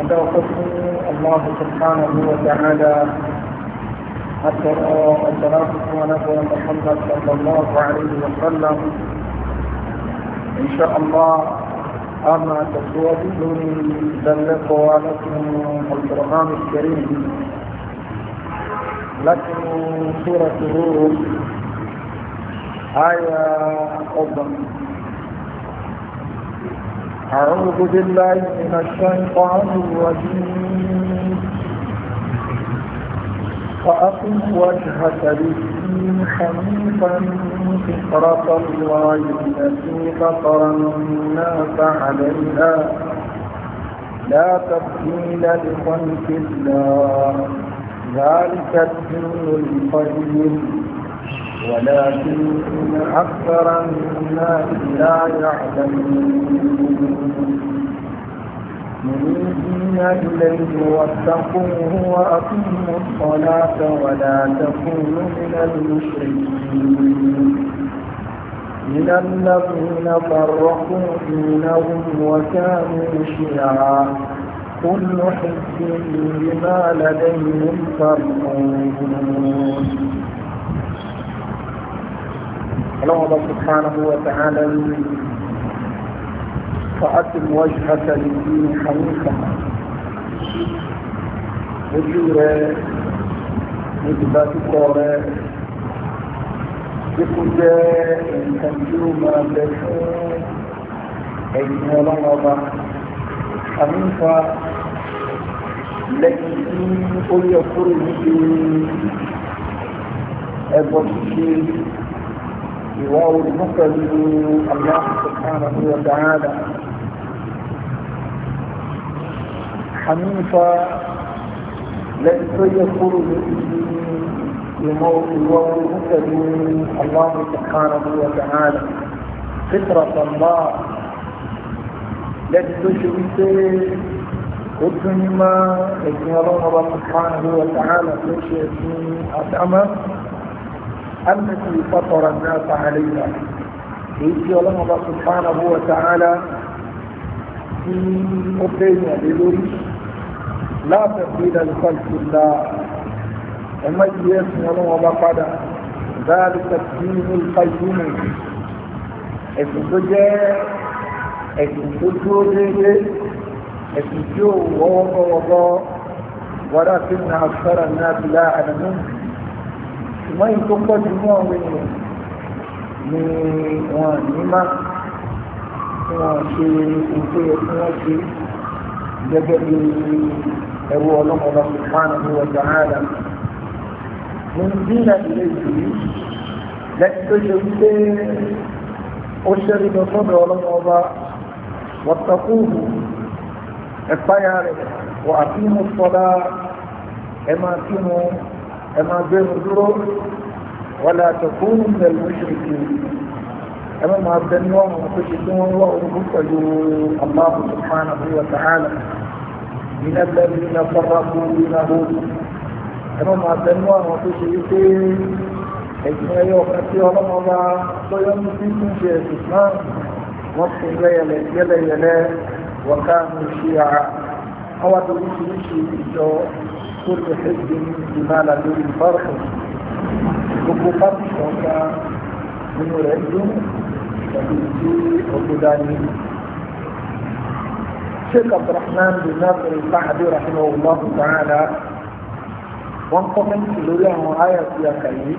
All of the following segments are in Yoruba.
أدعوكم الله سبحانه وتعالى الصلاة ونبوة محمد صلى الله عليه وسلم إن شاء الله أما تصوبكم بلغوا لكم القرآن الكريم لكم سورة الروح آية افضل أعوذ بالله من الشيطان الرجيم فأقم وجهك للدين حنيفا فطرة الله التي فطر الناس عليها لا تبديل لخلق الله ذلك الدين القيم ولكن أكثر الناس لا يعلمون منيبين إليه واتقوه وأقيموا الصلاة ولا تكونوا من المشركين من الذين فرقوا دينهم وكانوا شيعا كل حزب بما لديهم فرقون الله سبحانه وتعالى فأتم وجهك للدين حنيفا وجوره وجباتك يقول إن تنجو ما أي إن الله حنيفا لكن قل يقول به أبو لواو المفرد الله سبحانه وتعالى حنيفا ليس يقول بموت الواو المفرد الله سبحانه وتعالى فطرة الله ليس شريك قدما يجعل الله سبحانه وتعالى كل شيء أتأمر التي فطر الناس عليها èyí ọlọ́run ọba subhanahu wa ta'ala tí ó bẹ́yìn àlè lórí láàbẹ̀kú ilẹ̀ ìfọ̀lùfọ̀lá ẹ̀mọ́ ìlú ẹ̀sìn ọlọ́run ọba padà záàlì tàbí ní ìfàyúmù ẹ̀sìn tó jẹ́ ẹ̀sìn tó dúró déédé ẹ̀sìn tí ó wọ́wọ́wọ́wọ́ wọ́dà tí ní àṣọ́rọ̀ ṣùgbọ́n èyí tó pọ̀ jù ní àwọn ènìyàn ni wọn ní má tí wọn ṣe ìpè tí wọn ṣe gẹ́gẹ́ bí ẹ̀rù ọlọ́mọba subhanahu wa ta'ala ní dínà ilé ìlú lẹ́yìn tó ṣe wípé ó ṣẹ́rí lọ sọ́dọ̀ ọlọ́mọba wọ́tàkùnù ẹ̀páyà rẹ̀ wọ́n àfihàn sọ́dá ẹ̀ máa kírun ẹ máa gbé mi dúró wọlé àtọkùn pẹ̀lú ìṣèlú ẹ máa máa bẹ ní ọ̀hún tó ṣe tí wọ́n wá orúkú pẹ̀lú Allahu subhanahu wa ta'ala ìnà bẹ̀rù ìnà fọ́nrọ́kù ìnà hóòtù ẹ máa máa bẹ ní ọ̀hún tó ṣe wípé ẹ̀sìn ẹyọ ọ̀kan tí ọlọ́mọba tó yọ ní sí tún ṣe ẹ̀sìn náà wọ́n fi yẹlẹyẹlẹ wọ́n ká كل حزب بما لديهم فرح gbogbo pátì kọ̀ọ̀kan nínú rẹ̀ dùn pẹ̀lú tí ọ̀gbọ́dá ní. sheikh abdulrahman bin nasir al-mahdi rahimahullah ta'ala wọ́n kọ́mẹ́ntì lórí àwọn àyà tí a kà yìí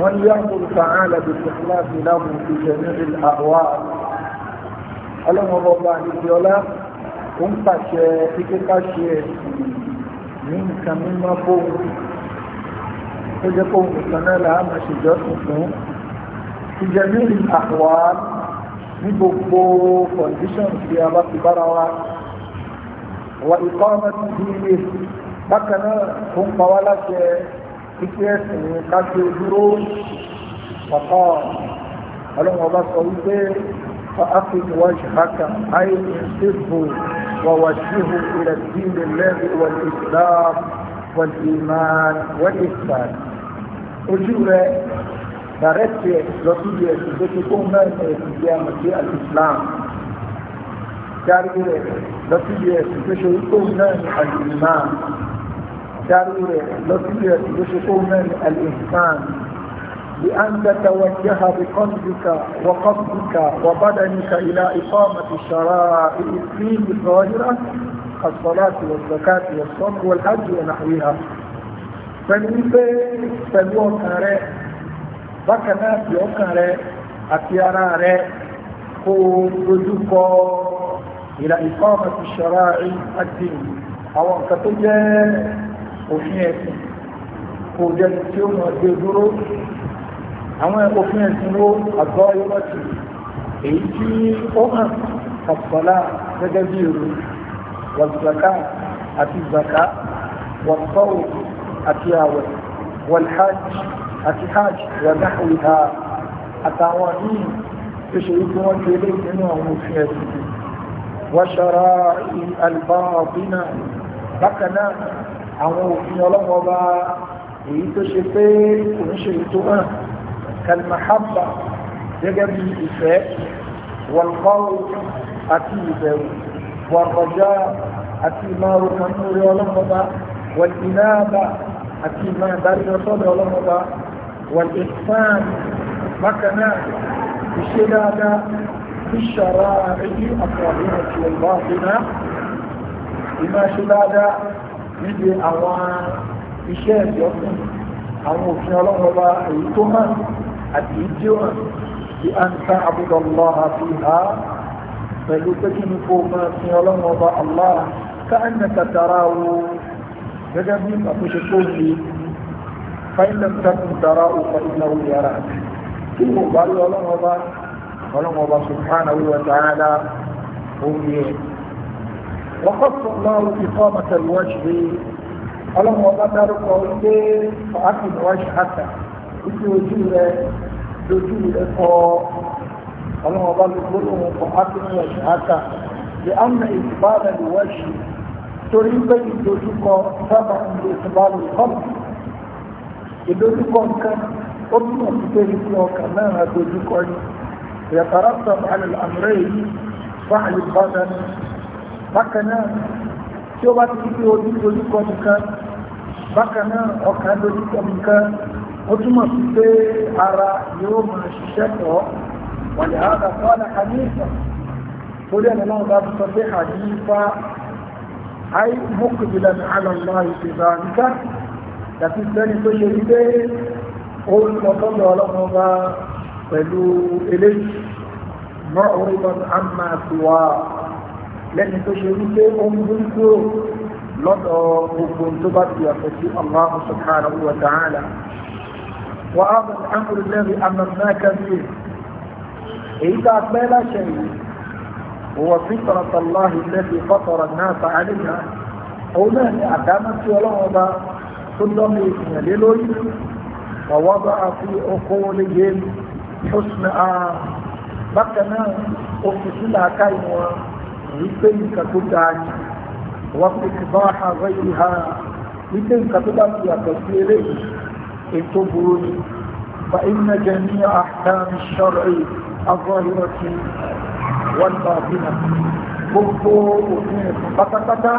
wọ́n yá kúrò ta'ala bí sọ́kúlá sí láwùjọ ti jẹ̀mí ìlú àwa ọlọ́mọbọba àdìsíọ́lá ó ń pàṣẹ kíkẹ́ká ṣe ẹ̀sìn ní nǹkan mímọ́ bóun ó jẹ́ kó nǹkan náà là á máa ṣèjọ́sìn fún ìjẹ̀mí àwa ní gbogbo condition tí a bá ti bára wa wà ikọ́ ọmọ ti di ilé bákan náà ó ń pa wá láṣẹ títí ẹ̀sìn kájú dúró ọ̀pọ̀ ọlọ́run ọba sọ wípé fa áfíìkì wájú hákà áyé ní ṣéèbù ووجهه إلى الدين الذي هو الإسلام والإيمان والإحسان أجور ترتي لطية تكون في الإسلام ترتي لطية تكون الإيمان ترتي لطية تكون الإحسان بأن تتوجه بقلبك وقصدك وبدنك إلى إقامة شرائع الدين الظاهرة الصلاة والزكاة والصوم والحج ونحوها فنيب فلوك ري بكنا فلوك ري أتيارا ري إلى إقامة شرائع الدين أو أنك تجي وحياتي قوجك يوم الدين àwọn òfin ẹ̀sìn ló àgọ́ ìrọ́tì èyí tí ó hàn ọ̀pọ̀lá gẹ́gẹ́ bí èrò wàzùzàká àti zàká wàtọ́wò àti àwẹ̀ wàlhájì àti hajj wàdáhùwìhà àtàwọn míì tó ṣe wípé ti lé nínú àwọn òfin ẹ̀sìn wàṣàrà albáàbínà bákan náà àwọn òfin ọlọ́wọ́ èyí tó ṣe pé kò ń ṣe ètò hàn kàlmàhábà gẹ́gẹ́ bí ìfẹ́ wọ̀lkọ́wò àti ìbẹ̀rù wọ̀rọ̀já àti ìmọ̀rù kanúrí ọlọ́mọba wọ̀lìnáàbà àti ìmọ̀ ìdájọ́sọ́dọ̀ ọlọ́mọba wọ̀lìfán bákaná ìṣe dáadáa ìṣàrá èyí àkọ̀ọ̀lẹ́ àti ọ̀gbọ́n àbínà ìmọ̀ ìṣe dáadáa níbi àwọn iṣẹ́ ìjọsìn àwọn òfin ọlọ́mọba èyí tó hàn àti ìjíwọ̀n bí a ń tán abúdọ̀lọ́ àti ìhá pẹ̀lú pé kí ni kó máa fi ọlọ́run ọba Allah ká ń nà kàtàrà wo gẹ́gẹ́ bí àkóṣe tó ń le fáìlẹ̀m takùn tàrà òkà iná wù yàrá kí wọ́n bá rí ọlọ́run ọba ọlọ́run ọba subhanahu wa ta'ala ó ń yẹ وخص الله إقامة الوجه ألم وقدرك وإيه فأقم وجهك ibi ojú rẹ lójú rẹ kọ ọlọ́wọ́n bá lè gbólóhùn kọ ákínú ẹ̀sìn áká lè ámì ìsìbáàlẹ̀ lè wáṣí torí pé ìdojúkọ sábà ń lè ìsìbáàlẹ̀ kọ́m ìdojúkọ nǹkan ó túmọ̀ sí pé ibi ọkàn náà dojúkọ ni yàtàrà sọ̀rọ̀ àlẹ́ àmúrẹ́ yìí fún àyípadà ni bákan náà tí ó bá ti fi ojú dojúkọ nǹkan bákan náà ọkàn dojúkọ nǹkan ó túmọ̀ sí pé ara yóò máa ṣiṣẹ́ pọ̀ wọ́n lè hàn àpá ọ̀nà hanifa torí ẹ̀nà náà bá sọ pé hanifa ai mọ́kùnjìlá ní alọ́lá ìṣèlú àríkà yàtí sẹ́ni tó ṣe wípé ó ń lọ sọ́dọ̀ ọlọ́run bá pẹ̀lú eléyìí mọ́ orílọ̀ àmà tiwa lẹ́ni tó ṣe wípé ó ń bú kúrò lọ́dọ̀ gbogbo tó bá ti yàtọ̀ sí Allah subhanahu wa ta'ala. وهذا الأمر الذي أمرناك به إذا بلا شيء هو فطرة الله التي فطر الناس عليها هنا أقامت ولعب كلهم يتنللوا ووضع في عقولهم حسن بكنا أفصل كيما يتنك تدعي واستقباح غيرها يتنك تدعي يتنك ètò burú ni فإن جميع أحكام الشرع الظاهرة والباطنة gbogbo òfin ẹ̀sùn pátápátá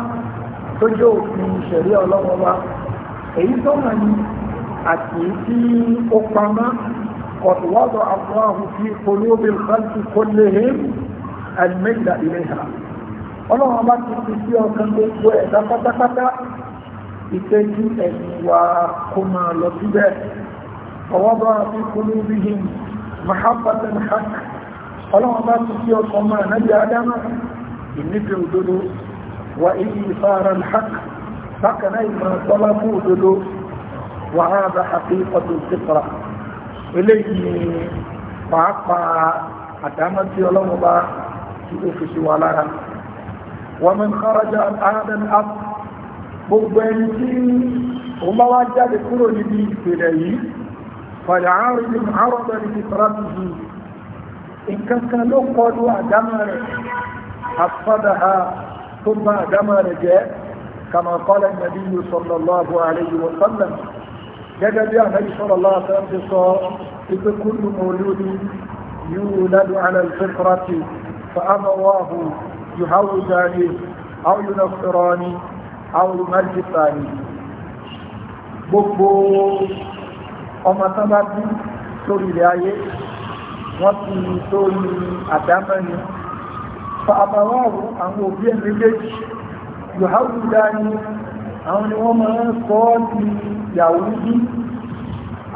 tó jẹ́ òfin ìṣẹ̀rí ọlọ́wọ́ wa èyí tó hàn ní àti tí ó pamá ọ̀tọ̀wọ́dọ̀ àfúráhù fi ìpé kí ẹ̀yìn wa kó máa lọ síbẹ̀ ọwọ́ bá fi kúrú bí i mahabbatan haq ọlọ́wọ́n bá ti fi ọkọ̀ máa nábi adama ìnífẹ́ òdodo wa ìyí fara haq bákaná ìmọ̀ tọ́lá fún òdodo wa á bá haqiqatu fitra eléyìí pàápàá àdámọ́ tí ọlọ́wọ́n bá ti ó fi lára wọ́n mọ̀ ń kára jẹ́ gbogbo ẹni tí òun bá wá jáde kúrò níbi ìpìlẹ̀ yìí fàlẹ̀ àárín àrọ́bẹ̀ ní ti farafi yìí nǹkan kan ló kọlu àdámà rẹ̀ àfádà ha tó bá àdámà rẹ̀ jẹ́ kama qala an-nabiyyu sallallahu alayhi wa sallam أو ينصرانه àwọn olùmọ̀lẹ́sà ni gbogbo ọmọ tán bá bí sórí ilẹ̀ ayé wọ́n ti sórí àdámọ́ ni fa àbáwọ̀ àwọn òbí ẹ̀ méjèèjì yòháwù dání àwọn ni wọ́n máa ń sọ ọ́ di yàwúdí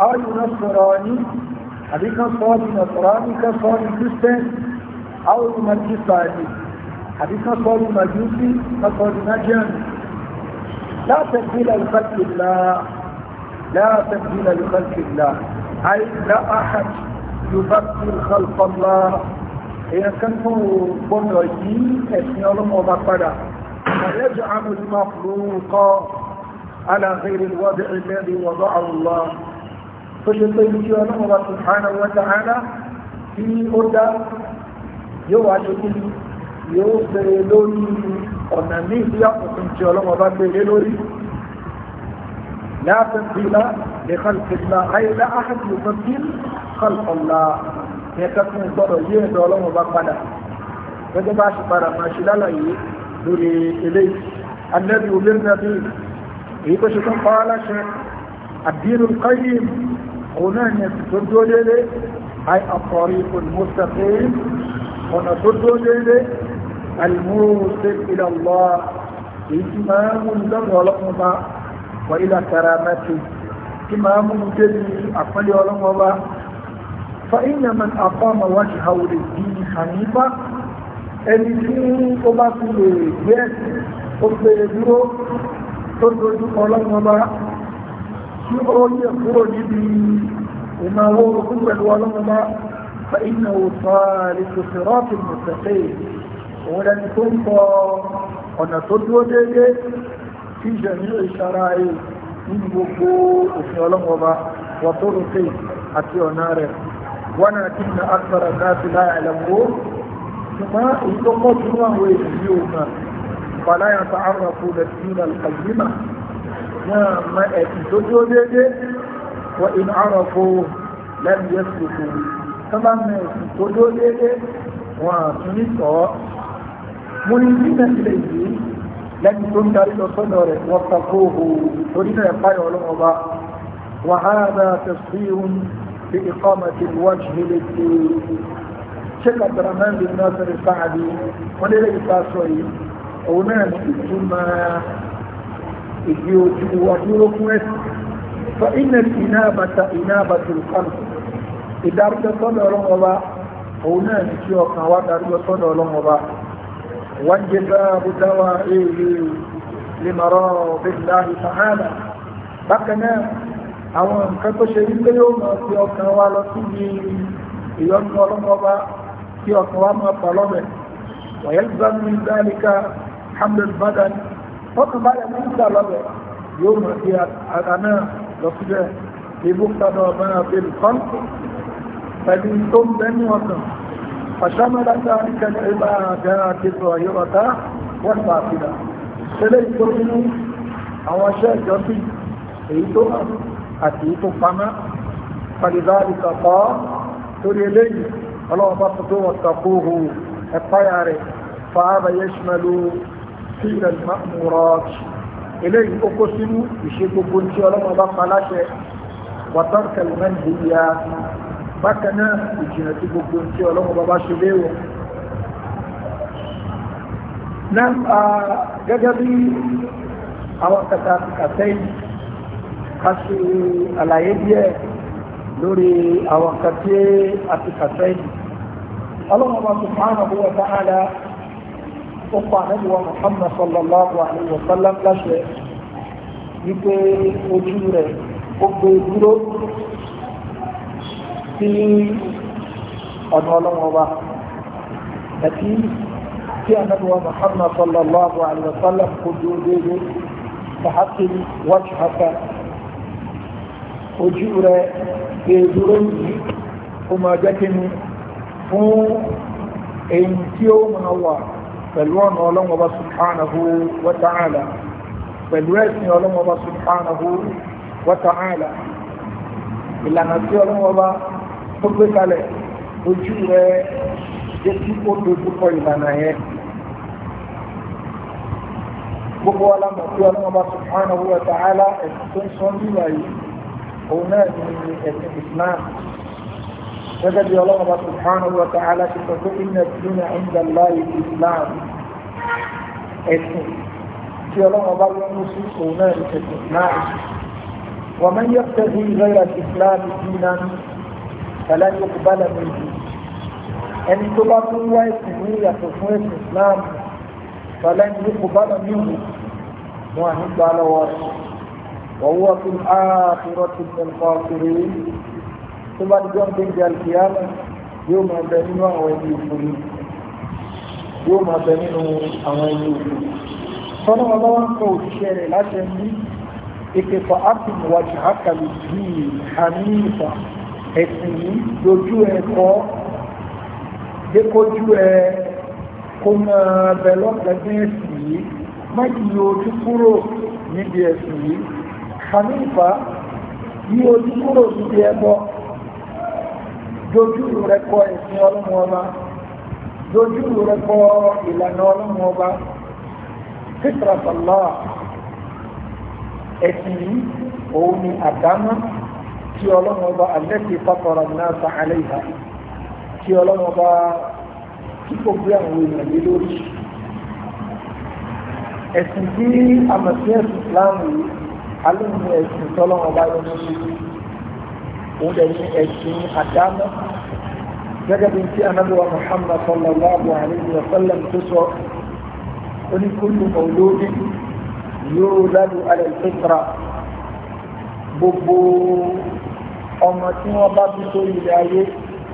àwọn yóò náà sọ̀rọ̀ ní àbí sọ ọ́ di nàṣọ̀rọ̀ ní sọ ọ́ di kristian àwọn olùmọ̀lẹ́sà ni àbí sọ ọ́ di màjúsí kan لا تبديل لخلق الله لا تبديل لخلق الله أي لا أحد يبدل خلق الله إذا كنت بمرجي أسمي الله مبقرة فيجعل المخلوق على غير الوضع الذي وضع الله فشطيب الله سبحانه وتعالى في أدى يوعد يوصل لوني ọ̀nà ní ìlú àkùnkùn tí ọlọ́mọ bá gbé lé lórí láàfin bílá lè kàlùkìlá àìlá àhàjì òfin bí kàlùkọ̀lá ẹ̀ka fún gbọ́dọ̀ yé ẹ̀dọ̀ ọlọ́mọ bá padà gẹ́gẹ́ bá ṣe padà máa ṣe lálàyé lórí eléyìí alẹ́bí obìnrin náà bí èyí tó ṣe tó ń pa aláṣẹ àdínú káyìm òun náà ni ẹ̀sìn tó dó lélẹ̀ àì ọ̀nà tó dó lélẹ̀ الموصل إلى الله إمام لم ولقنا وإلى كرامته إمام جلي أقل ولقنا فإن من أقام وجهه للدين حنيفا ẹni tí ó bá fi lè gbé ẹ̀sìn ó pèrè dúró tó dojú ọlọ́run ọba tí ó yẹ kúrò níbi ìmọ̀ owó orogún pẹ̀lú ọlọ́run ọba fa iná òtọ́ àríkòsèrọ́ọ̀tì mùsẹ̀fẹ́ òun lẹni tó ń kọ ọ̀nà tó dúró déédéé tí ìṣẹ̀mílò ìṣara rẹ̀ nínú gbogbo òfin ọlọ́mọba wàtórùkè àti ọ̀nà rẹ̀ wọ́n àti ìnà àtàrà láti láàlẹ́mọ́ ṣùgbọ́n èyí tó mọ́ tún àwọn èyí yóò mọ̀ fàlàyà tó àrùn àpò lẹ́sìn ìlà wọ́n wọ́n ìnà àrùn àpò lẹ́nu tó wọ́n mọ tó dúró déédéé wọ́n tún منيبين إليه لن تنكر لصدر واتقوه تريد يقايا الأرض وهذا تصدير بإقامة الوجه للدين شيخ عبد الرحمن بن ناصر السعدي ولله تاسوي هنا ثم يجوز فإن الإنابة إنابة القلب إدارة صدر الله هنا نشيوخ نوادر صدر الله وانجذاب دوائه لمراض الله تعالى بقنا àwọn nǹkan tó ṣe wípé yóò máa fi ọkàn wa lọ sí ní ìyọnu ọlọ́mọba kí ọkàn wa máa pọ̀ lọ́bẹ̀ wọ̀yẹ́lìbánu ìdáríkà hamlin badan ọkàn bá yẹ ní ìgbà lọ́bẹ̀ yóò máa fi àgbà náà lọ síbẹ̀ ìbúkadà ọ̀bẹ̀rẹ̀ pẹ̀lú kọ́ńtù pẹ̀lú tó ń bẹ́ ní ọkàn فشمل ذلك العبادات الظاهرة والباطنة إليه كل أو شيء جميل أيتها أتيت فما فلذلك قال قل إليه الله بطته واتقوه الطيارة فهذا يشمل فعل المأمورات إليه أقسم بشيء كنت ولم أبقى لا وترك المنهيات bákan náà ìjìnà tí gbogbo tí ọlọ́run bàbá ṣe léwọ̀ náà gẹ́gẹ́ bí àwọn kàtà kàtẹ́yìn ká ṣe àlàyé díẹ̀ lórí àwọn kàtẹ́ àti kàtẹ́yìn ọlọ́run bá subhanahu wa ta'ala ó pa ànábì wa Muhammad sallallahu alaihi wa sallam láṣẹ sí ọ̀nà ọlọ́wọ́ wa àti kí anábíwá muhammad sallallahu alaihi wa sallam kò dúró déédéé fàákì wájú haka ojú rẹ̀ déédúró yìí ó máa jẹ́ kí ni fún èyí tí ó máa wà pẹ̀lú ọ̀nà ọlọ́wọ́ba subhanahu wa ta'ala pẹ̀lú ẹ̀sìn ọlọ́wọ́ba subhanahu wa ta'ala ìlànà tí ọlọ́wọ́ba tó gbé kalẹ̀ ojú rẹ jẹ́ kí ó dojú kọ ìlànà yẹn gbogbo alamọ̀ tí wọ́n bá subhanahu wa ta'ala ẹ̀sìn tó ń sọ nígbà yìí òun náà ni ẹ̀sìn islam gẹ́gẹ́ bí ọlọ́run bá subhanahu wa ta'ala ti sọ pé inna dina inda Allahi islam ẹ̀sìn tí ọlọ́run bá lọ́nu sí òun náà ni ẹ̀sìn islam wa man yabtaghi ghayra al-islam fẹlẹ ní kò bá lẹnu ìlú ẹni tó bá tún wá ẹsìn ní ìyàtọ̀ fún ẹsìn islam fẹlẹ ní kò bá lẹnu ìlú wọn àní gbà lọ́wọ́ rẹ̀ wọwọ tó ń á àfihàn tó ń kọ kiri tó bá dúró ń gbé ìdí àlùkìyàmù yóò máa bẹ nínú àwọn ẹni ìfòlù yóò máa bẹ nínú àwọn ẹni ìfòlù tọ́nà ọlọ́wọ́ ń kọ òṣìṣẹ́ rẹ̀ láti ẹni ìpèpọ̀ ápùn wájú hákàlù bíi hàmíìfà ẹ̀sìn yìí dojú ẹ kọ́ dé kójú ẹ kó máa bẹ lọ́gbẹ̀ẹ́ ẹ̀sìn yìí má kì í ojú kúrò níbi ẹ̀sìn yìí hanifa yí ojú kúrò níbi ẹbọ dojú rẹ ẹ̀sìn ọlọ́run ọba dojú rẹ ìlànà ọlọ́run ọba fitra ẹ̀sìn yìí òun ni àdámọ́ kí ọlọ́run ọba alẹ́kì pápọ̀rọ̀ náà sa alẹ́ ìhà kí ọlọ́run ọba kí kò gbé àwọn èèyàn lé lórí ẹ̀sìn tí àmọ̀sí ẹ̀sìn Islam yìí alóhùn ẹ̀sìn tọ́lọ́run ọba yọ lórí òun dẹ̀ ní ẹ̀sìn àdámọ́ gẹ́gẹ́ bí tí anábíwá Muhammad sallallahu alayhi wa sallam tó sọ oníkúlù mọ̀lódì yóò lálù alẹ́ fitra gbogbo ọmọ tí wọ́n bá bí sórí ilẹ̀ ayé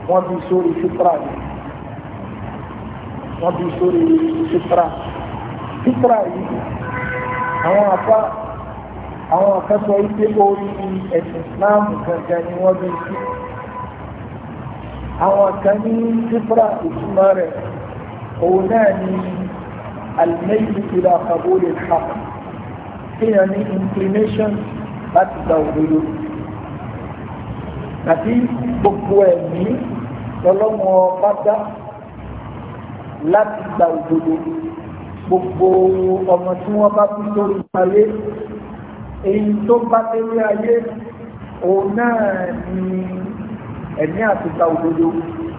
wọ́n bí sórí fitra ni wọ́n bí sórí fitra fitra yìí àwọn afá àwọn akẹ́kọ̀ọ́ ike orí ẹ̀sìn Islam gangan ni wọ́n bí sí àwọn kan ní fitra ìtumọ̀ rẹ̀ òun náà ni alimẹ́yìí ìlà àkàbọ̀ lè fà kéèyàn ní inclination láti gba òdodo àti gbogbo ẹ̀mí lọ́lọ́mọ bá dá láti gba òdodo gbogbo ọmọ tí wọ́n bá kú sórí ayé èyí tó bá délé ayé òun náà ni ẹ̀mí àti gba òdodo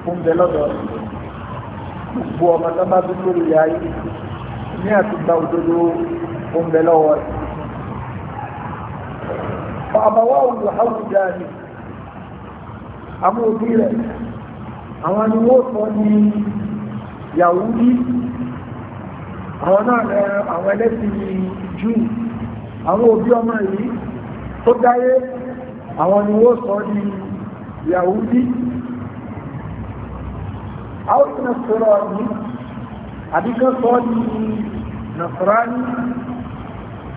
fún bẹ lọ́dọ̀ gbogbo ọmọ tó bá kú sórí ayé ẹ̀mí àti gba òdodo fún bẹ lọ́wọ́ fàbàwọ́ òun làwùjáde àwọn òbí rẹ̀ àwọn ni sọ ní Yahudi àwọn náà rẹ̀ àwọn ẹlẹ́sìn Júù àwọn òbí ọmọ yìí tó dáyé àwọn ni sọ ní Yahudi àwọn na sọ̀rọ̀ ọ̀dún àbíkọ́ sọ ní Nasrani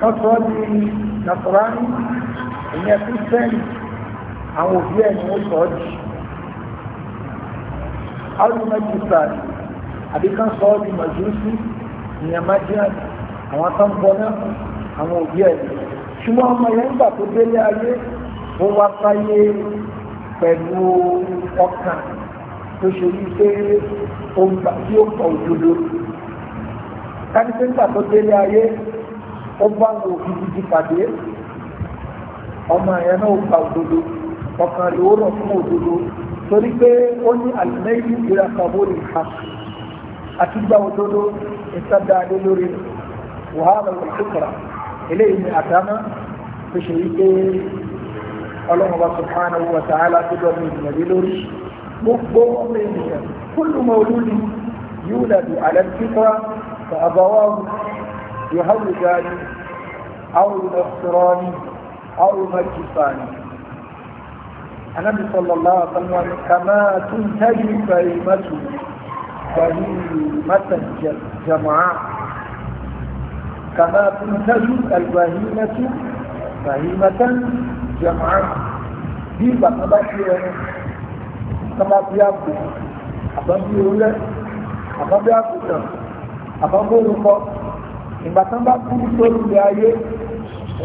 kọ́sọ́ di nasarani ìyẹn kírísítẹ́nì àwọn òbí ẹ̀ ni wọ́n sọ ọ́ di alùmẹ́jì sàrì àbí kan sọ ọ́ di màjúsí ìyẹn májíàn àwọn tó ń bọ náà àwọn òbí ẹ̀ ni ṣùgbọ́n ọmọ yẹn gbà tó délé ayé ó wá sáyé pẹ̀lú ọkàn tó ṣe yí pé ó ń gbà tí ó pọ̀ òdodo kánípé tó délé ayé ó bá ń wo gidigidi pàdé ọmọ yẹn náà gba òdodo ọkàn rẹ̀ ó rọ̀ fún òdodo torí pé ó ní àlùmẹ́yìn ìràkàbó lè ka àti gba òdodo ìsádà lé lórí wàhálà òṣùkọ̀rà eléyìí ni àdámá tó ṣe yí pé ọlọ́run bá subhanahu wa ta'ala tó dọ̀ ní ìgbàlè lórí gbogbo ọmọ ènìyàn kúlù mọ́lúdì yúlàdù àlẹ́ fífọ́ àbáwá بهولاني أو نصراني أو مجساني النبي صلى الله عليه وسلم كما تنتج كلمة بهيمة الجماعة كما تنتهي البهيمة بهيمة جماعة دي بقى كما بيابو أبا بيولد أبا بيابو أبا بيولد ìgbà tán bá kú sórí ilé ayé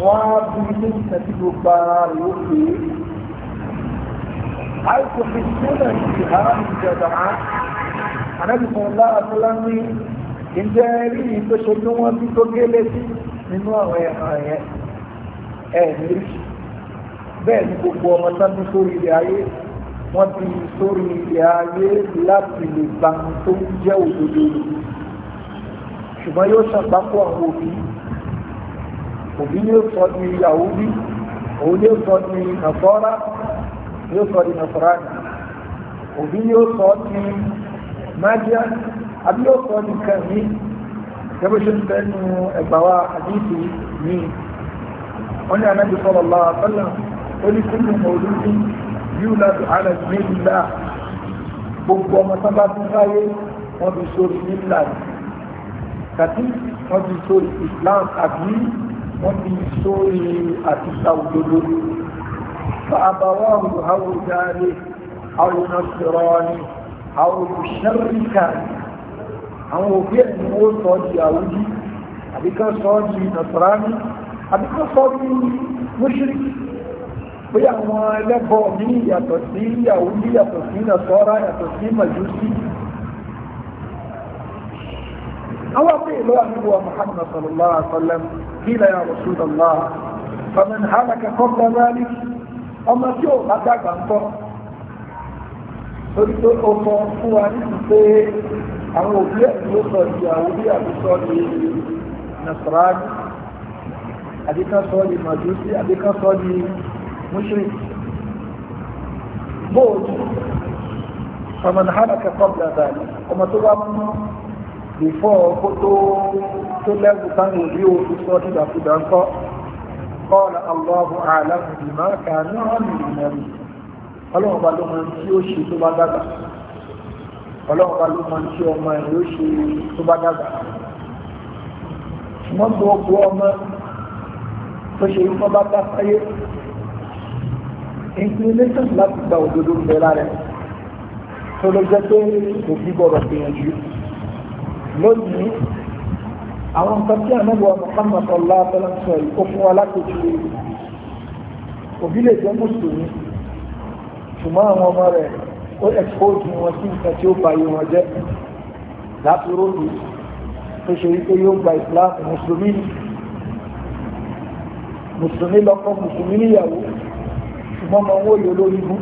wọ́n á bí ilé ìsìn tí gbogbo ara rẹ̀ ó pè é. àìsàn fi sílẹ̀ sí ara mi jẹ̀dá á anábìsàn láàbúlá ní ìjẹ́ rí ìtòṣe tí wọ́n bí tó gélé sí nínú àwọn ẹ̀hàn yẹn ẹ̀ ní bẹ́ẹ̀ ni gbogbo ọmọ tán sórí ilé ayé wọ́n ti sórí ilé ayé láti lè gbà tó ń jẹ́ òdodo ṣùgbọ́n yóò ṣàgbákò àwọn òbí òbí yóò sọ ní ìyàwó bí òun yóò sọ ní nàfọ́rá yóò sọ ní nàfọ́rá ni òbí yóò sọ ní májíà àbí yóò sọ ní kàmí gẹ́gẹ́ ṣe ń bẹ́ nu ẹ̀gbàwá àdìsí mi wọ́n ní anábì sọ̀rọ̀ lọ́wọ́ àbẹ́là ó ní kúndùn mọ̀lúdí yóò láti àlẹ́ nílùú gbogbo ọmọ sábà tún sáyé wọ́n fi sórí nílùú tàbí wọ́n ti sórí islam àbí wọ́n ti sórí àtìsà òdodo فأبواه أو ذلك أو نصراني أو مشركاني àwọn òbí ẹ̀ ni ó sọ di àwújí àbíká sọ di nàtàrání àbíká sọ di mùṣírikí pé àwọn ẹlẹ́bọ̀ ní yàtọ̀ sí àwújí yàtọ̀ sí nàtàrá yàtọ̀ sí màjúsí àwọn pé ìlú àníwọ̀ Muhammad sallallahu alaihi wasallam qila ya Rasulullah faman halaka qabla dhalik ọmọ tí ó bá dàgbà ń bọ̀ torí pé ó sọ fún wa nítorí pé àwọn òbí ẹ̀ ló sọ di àwọn bí àbúsọ di nasarani àdékàsọ di màjúsí àdékàsọ di mushrik bóòdù faman halaka qabla dhalik ọmọ tó bá mú before kó tó tó lẹ́bù táwọn òbí oṣù sọ nígbàkúgbà ń kọ́ kọ́ọ̀lá Allahu a'lam bima kanu ya'malun ọlọ́run bá ló máa ń tí ó ṣe tó bá dàgbà ọlọ́run ló máa ń tí ọmọ ẹ̀ ló ṣe tó bá dàgbà ṣùgbọ́n gbogbo ọmọ tó ṣe ikọ́ bá bá sáyé inclination láti gba òdodo ń bẹ lára ẹ̀ tó ló jẹ́ pé òbí gbọ́dọ̀ gbìyànjú lónìí àwọn nǹkan tí ànábọ̀ Muhammad sallallahu alaihi wasallam sọ yìí ó fún wa lákòókò òbí lè jẹ́ mùsùlùmí ṣùgbọ́n àwọn ọmọ rẹ̀ ó expose wọn sí nǹkan tí ó bà yé wọn jẹ́ láti róòlù tó ṣe wípé yóò gba Islam mùsùlùmí mùsùlùmí lọ́kọ mùsùlùmí níyàwó ṣùgbọ́n ọmọ owó yóò lórí mú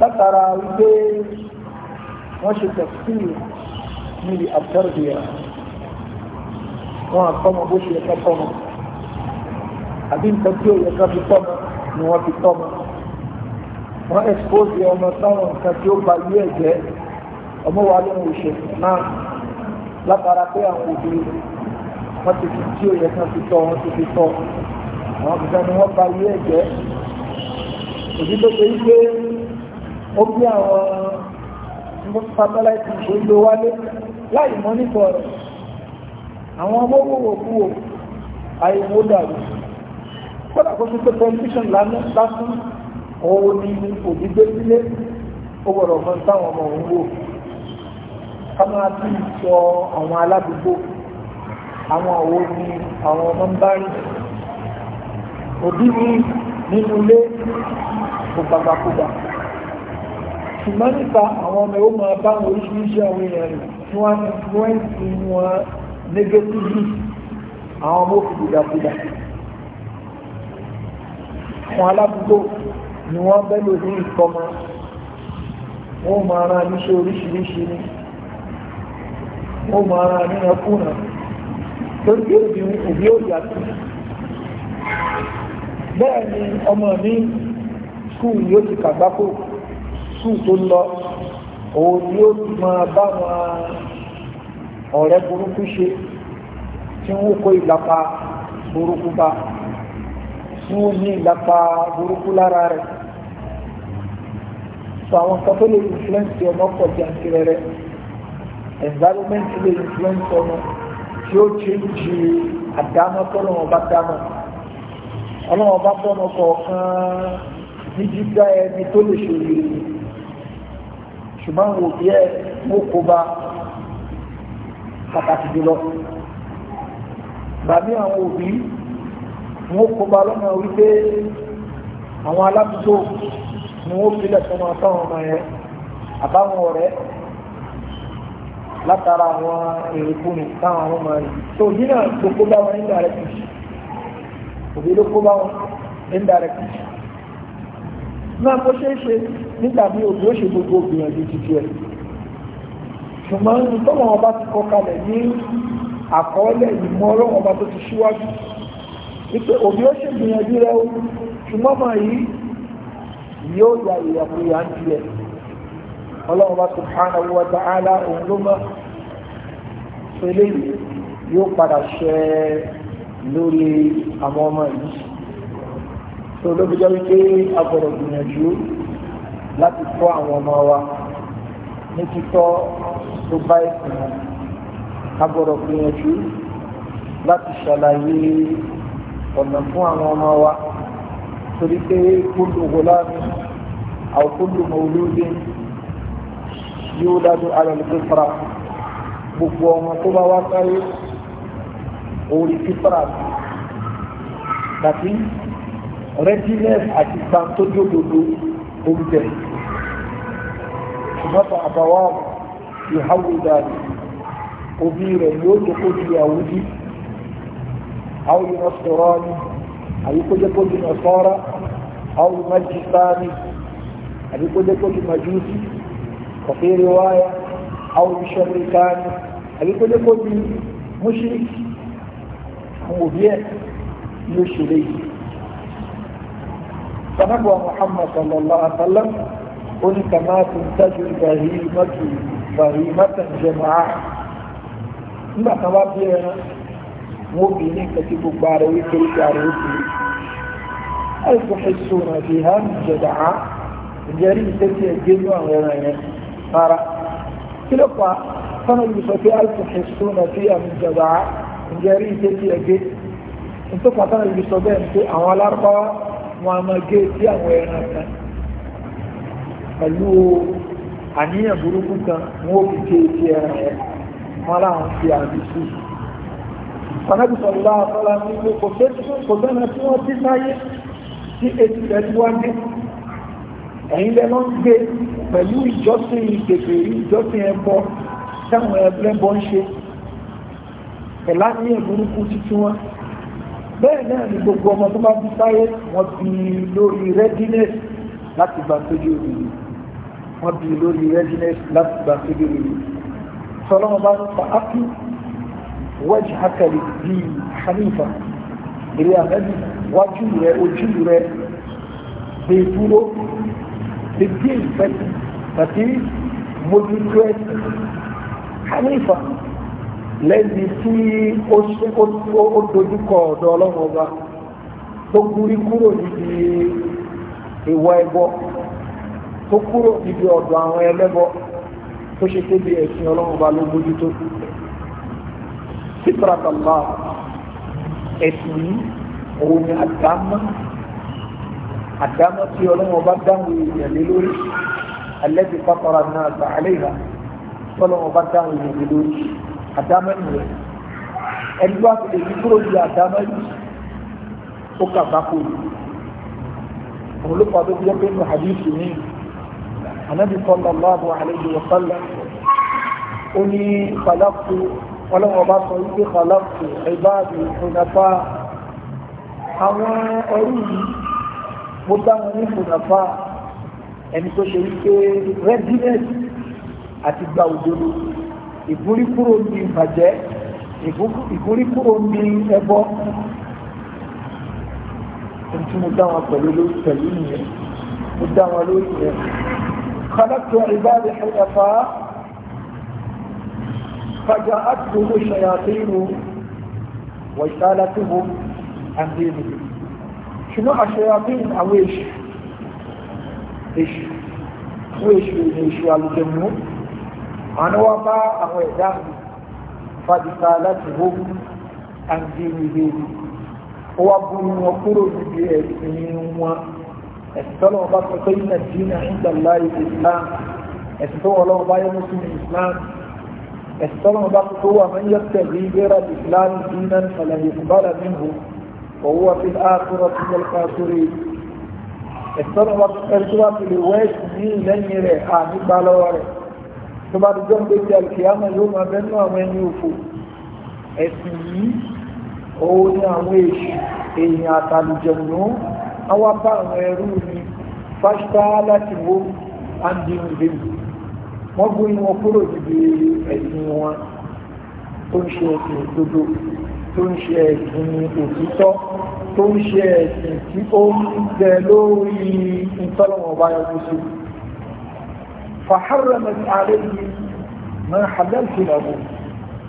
látara wípé wọ́n ṣe tẹ̀síìlì níbi àtẹ́rẹ̀dìyà wọn àtọ́mọ bó ṣe ẹ̀ka tọ́mọ àbí nǹkan tí ó yẹ ká fi tọ́mọ ni wọ́n fi tọ́mọ wọ́n expose ọmọ sáwọn nǹkan tí ó ba ilé ẹ̀jẹ̀ ọmọ wa ló ń wòṣẹ̀ náà látara pé àwọn òbí wọ́n ti fi tí ó yẹ ká ni wọ́n ba ilé ẹ̀jẹ̀ òbí tó ṣe wípé ó bí àwọn láì mọ́ nípa ọ̀rọ̀ àwọn ọmọ owó kú o àìwò dàrú kọ́dà kó tún pé tẹlifíṣàn lásán òun ni òbí gbé sílé ó gbọ́dọ̀ mọ táwọn ọmọ òun wò ká máa bí sọ àwọn aládùúgbò àwọn òwò ni àwọn ọmọ ń bá rí òbí ní nínú ilé kò gbàgbàkúgbà ṣùgbọ́n nípa àwọn ọmọ ìwọ́n máa bá wọn oríṣiríṣi àwọn èèyàn rẹ̀ tí wọ́n influence wọn negatively àwọn ọmọ òfin gbùdàgbùdà àwọn aládùúgbò ni wọ́n bẹ́ lò ní ìkọmọ wọ́n máa ra níṣẹ́ oríṣiríṣi ni wọ́n máa ra ní ẹkùnà lórí òbí òbí òbí àti bẹ́ẹ̀ ni ọmọ mi skul yóò ti kàgbákò skul tó lọ òun yóò ti máa bá wọn ọ̀rẹ́ burúkú ṣe tí wọ́n kó ìlàpá burúkú bá tí wọ́n ní ìlàpá burúkú lára rẹ̀ so àwọn kan tó lè influence ọmọ pọ̀ jàǹkìrẹ rẹ̀ environment lè influence ọmọ tí ó change àdámọ́ tó lọ́wọ́ bá dámọ́ ọlọ́wọ́ bá tọ́nà kọ̀ọ̀kan ní ẹni tó lè ṣe ìrìn ṣùgbọ́n wò bí mú kó bá pàtàkì jùlọ gbàmí àwọn òbí wọn kó ba lọ́nà wípé àwọn aládùúgbò ni wọ́n fi lẹ́sọ̀ máa táwọn ọmọ yẹn àbáwọn ọ̀rẹ́ látara àwọn èrèkúnù táwọn ọmọ rẹ̀ tó òbí náà ló kó bá wọn indirectly òbí ló kó bá wọn indirectly náà kó ṣeé ṣe nígbà bí òbí ó ṣe gbogbo gbìyànjú títí ẹ̀ ṣùgbọ́n ní tọ́lọ̀ ọba ti kọ kalẹ̀ ní àkọọ́lẹ̀ ìmọ̀ ọlọ́wọ́ ọba tó ti ṣíwájú wípé òbí ó ṣe gbìyànjú rẹ o ṣùgbọ́n mà yìí yóò ya ìyàkuyà ń tiẹ̀ ọlọ́wọ́ ọba subhanahu wa ta'ala òun ló mọ̀ pẹ̀lẹ́ yóò padà ṣẹ lórí àwọn ọmọ yìí tó ló fi jẹ́ wípé a gbọ́dọ̀ gbìyànjú láti kọ́ àwọn ọmọ wa ní títọ́ tó bá ẹ̀sìn wọn a gbọ́dọ̀ gbìyànjú láti ṣàlàyé ọ̀nà fún àwọn ọmọ wa torí pé kúlù gòlámi aw kullu mawludin yuladu ala al-fitra gbogbo ọmọ tó bá wá sáyé orí fitra tàbí rẹ́dílẹ́sì àti gbàntójódodo oúnjẹ mọ́ta àbáwáàbù ìhàwù dàdì òbí rẹ̀ yóò jẹ́ kó di àwùjí àwọn yóò sọ̀rọ̀ ni àyíkójẹ́ kó di nàṣọ́ra àwọn májì sáàni àyíkójẹ́ kó di màjúsí kọ̀fẹ́rẹ́ wáyà àwọn ìṣẹ́ríkàní àyíkójẹ́ kó di mùṣírìkì àwọn òbí ẹ̀ yóò ṣe léyìí. sanabu wa muhammad sallallahu alaihi wa sallam قلت ما تنتج البهيمة بهيمة جمعاء ما توابي أنا مبيني كتب باروي كريك عروسي أي تحسون فيها من جدعاء من جريم تتي الجنوة غيرين مارا كلاقوا فما يوسفي أي تحسون فيها من جدعاء من جريم تتي الجنوة انتو فاتنا يوسفين في أول أربعة وما جيت يا غيرين pẹ̀lú àníyàn burúkú kan wọ́n fi ké ti ẹran ẹ̀ wọ́n láwọn fi àmì sí i. Sànẹ́bí sọ̀rọ̀ láwọn sọ́lá ní pé kò sẹ́nà tí wọ́n ti sáyé tí etí rẹ̀ ti wá dé. Ẹ̀yin lẹ lọ ń gbé pẹ̀lú ìjọsìn ìgbègbè ìjọsìn ẹbọ táwọn ẹlẹ́bọ ń ṣe. Ẹ̀lá ní ìburúkú títí wọn. Bẹ́ẹ̀ náà ni gbogbo ọmọ tó bá ti sáyé wọ́n fi lórí readiness láti gbà tójú òbí yìí wọ́n bí lórí readiness láti gba síbi rèé sọlọ́mọ bá ń fa ápì wẹ́jì hákàlì bíi hanifa èrè àmẹ́bí wájú rẹ ojú rẹ lè dúró lè bí ìfẹ́tì tàbí mójútó ẹ̀sìn hanifa lẹ́yìn tí ó dojúkọ ọ̀dọ̀ ọlọ́run ọba tó gúrí kúrò níbi ìwà ẹ̀bọ tó kúrò níbi ọ̀dọ̀ àwọn ẹlẹ́bọ tó ṣe pé bí ẹ̀sìn ọlọ́run bá ló mójútó sípàtàlá ẹ̀sìn yìí òun ni àdámọ́ àdámọ́ tí ọlọ́run bá dáhùn èèyàn lé lórí alẹ́bí pápára náà gbà àléhà tọ́lọ́run bá dáhùn èèyàn lé lórí àdámọ́ ìwẹ̀ ẹni bá fi èyí kúrò ní àdámọ́ yìí ó kà bá kò yìí òun ló pàdé bí wọ́n pé ní àdéhùn yìí anabi sallallahu alayhi wa sallam ó ní kọlọ́pù ọlọ́wọ́ bá sọ wípé kọlọ́pù ìbáàdì ìfúnnafa àwọn ẹrú yìí mo bá wọn ní ìfúnnafa ẹni tó ṣe wípé readiness àti gba òdodo ìgúrí kúrò ní ìbàjẹ́ ìgúrí ní ẹbọ ohun tí mo dá pẹ̀lú lórí pẹ̀lú ìyẹn mo dá lórí ìyẹn. خلقت عبادي حنفاء فجاءتهم الشياطين وسالتهم عن دينهم شنو الشياطين او ايش؟ ايش؟ ويش ايش والجنون انا وما او يدعم فجسالتهم عن دينهم وابن وقرب بيئتهم ẹ̀sìn tọ́lọ́ ọba sọ pé iná dínà ìgbà láàyè islam ẹ̀sìn tó wọ́n lọ́wọ́ báyọ̀ mùsùlùmí islam ẹ̀sìn tọ́lọ́ ọba sọ pé wà mẹ́yẹ tẹ̀lé ìgbéra islam dínà ìfàlàyé ìbára nínú òwò àti àkúrọ̀ tí wọ́n ká sórí ẹ̀sìn tọ́lọ́ ọba sọ pé tó bá fi lè wẹ́ẹ̀sì ní ìlẹ́yìn rẹ̀ àmì gbá tó bá dùjọ́ pé ti ẹ̀sìn yìí òun ni àwọn èèyàn àtàlùjẹ̀mú àwọn apá àwọn ẹrú ni fásitá láti wó andy ndébù wọ́n gbé wọn kúrò níbi ẹ̀sìn wọn tó ń ṣe ẹ̀sìn òdodo tó ń ṣe ẹ̀sìn òtítọ́ tó ń ṣe ẹ̀sìn tí ó ń bẹ lórí ìtọ́lọ́wọ̀n bá yọkú sí fàhárẹ̀mẹ̀ ààrẹ yìí máa hàbẹ́ẹ̀sì lọ́wọ́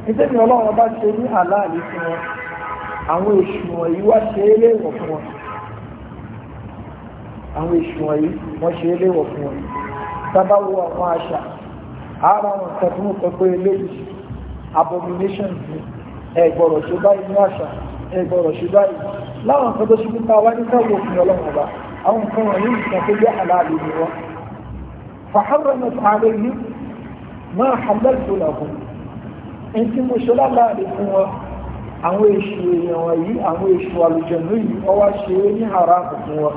nítorí ọlọ́run bá ṣe ní àlàálí fún wọn àwọn èṣù wọ̀nyí wá ṣe é léèwọ̀ fún wọn àwọn èṣù wọ̀nyí wọ́n ṣe é léwọ̀ fún wọn sábà wo àwọn àṣà ara wọn kan tí wọ́n sọ abomination ni ẹ ṣe báyìí ní àṣà ẹ ṣe báyìí láwọn nǹkan tó ṣe nípa wá nípa wo òfin ọlọ́run ọba àwọn nǹkan wọ̀nyí nǹkan tó jẹ́ àlàálù ni wọ́n. فحرمت عليه ما حللت لهم ẹni tí mo ṣe lábàárí fún wọn àwọn èṣù èèyàn wọ̀nyí àwọn èṣù àlùjẹ̀nú yìí ọwá ṣe é ní haramu fún wọn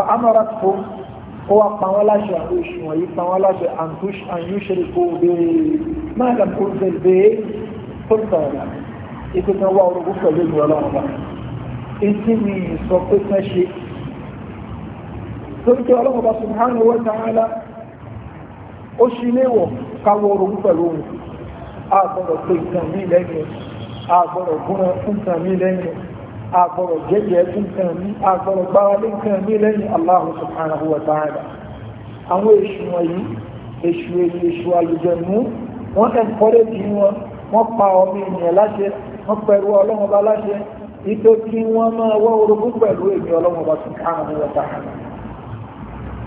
fa amara tó ó wá pa wọ́n láṣẹ àwọn oṣù wọ̀nyí pa wọ́n láṣẹ àyúnṣe kó béèrè máa dà kó bèbè tó sọ̀rọ̀ ètò kan wá orogún pẹ̀lú ìlú ọlọ́run wa etí mi sọ pé fẹ́ ṣe torí pé ọlọ́run wa subhanahu a gbọ́dọ̀ pé nǹkan mí a gbọ́dọ̀ gúnra fún nǹkan agbọ̀rọ̀ jẹ́jẹ́ fún kan ní agbọ̀rọ̀ gbáwálé kan ní lẹ́yìn Allahu subhanahu wa ta'ala àwọn èṣù wọ̀nyí èṣù èyí èṣù àlùjẹ̀mú wọ́n ẹ̀kọ́rẹ́ bí wọn wọ́n pa ọmọ ènìyàn láṣẹ wọ́n pẹ̀lú ọlọ́mọba láṣẹ ìtò kí wọ́n máa wọ́ orogún pẹ̀lú èmi ọlọ́mọba subhanahu wa ta'ala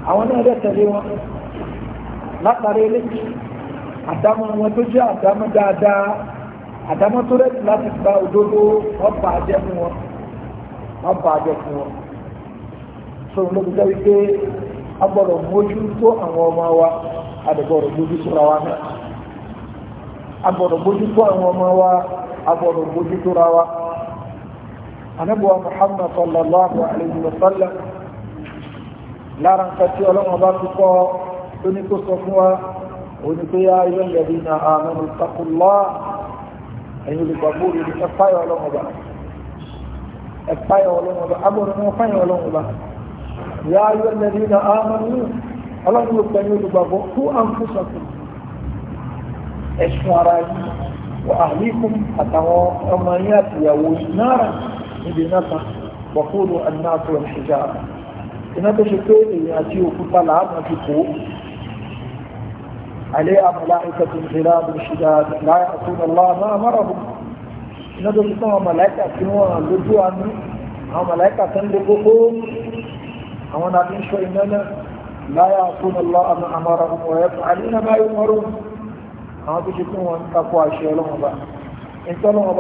àwọn náà dẹ̀ tẹ̀lé wọn látàrí eléyìí àdámọ́ wọn tó jẹ́ àdámọ́ dáadáa àdámọ́ tó rẹ̀ láti gba òdodo wọ́n pa àjẹmú wọn má bà á jẹ fún wọn sọ̀rọ̀ ló fi jẹ́ wípé a gbọ́dọ̀ mójú tó àwọn ọmọ wa a dẹ̀ gbọ́dọ̀ mójú tó ra wa náà a gbọ́dọ̀ mójú tó àwọn ọmọ wa a gbọ́dọ̀ mójú tó ra wa anabuwa muhammad sallallahu alayhi wa sallam lára nǹkan tí ọlọ́wọ́n bá ti kọ́ tó ní kó sọ fún wa òní pé yá ayé lẹ́bí na àmọ́nù takullá ẹ̀yìn olùgbàgbọ́ olùdíkẹ́ fáyọ̀ ọlọ́wọ́n bá ti ẹ̀páyà ọlọ́run ọba agbọ̀nrún wọn fáyà ọlọ́run ọba yà á yọ lẹ́nu iná àmọ́nú ọlọ́run ló pẹ̀lú olùgbàgbọ́ tó à ń fún sọ̀tún ẹ̀sùn ara yìí wà àlékún àtàwọn ọmọ yín àtìyàwó náírà níbi náà kan wàkúrò àdínáàtò ẹ̀ṣẹ̀já iná tó ṣe pé èèyàn àti òkúta làánà ti kó عليها ملائكة غلاب شداد لا يعصون الله iná tó fi sáwọn màláìkà tí wọ́n lójú àánú àwọn màláìkà tó ń lo kókó àwọn náà fi ń sọ iná náà láyà fún ọlọ́ àmọ́ àmọ́ra ọmọ ẹ̀ fún àdínà máa yọ mọ́rọ́ àwọn tó ṣe fún wọn ń takò àṣẹ ọlọ́wọ́n bá nítorí ọlọ́wọ́n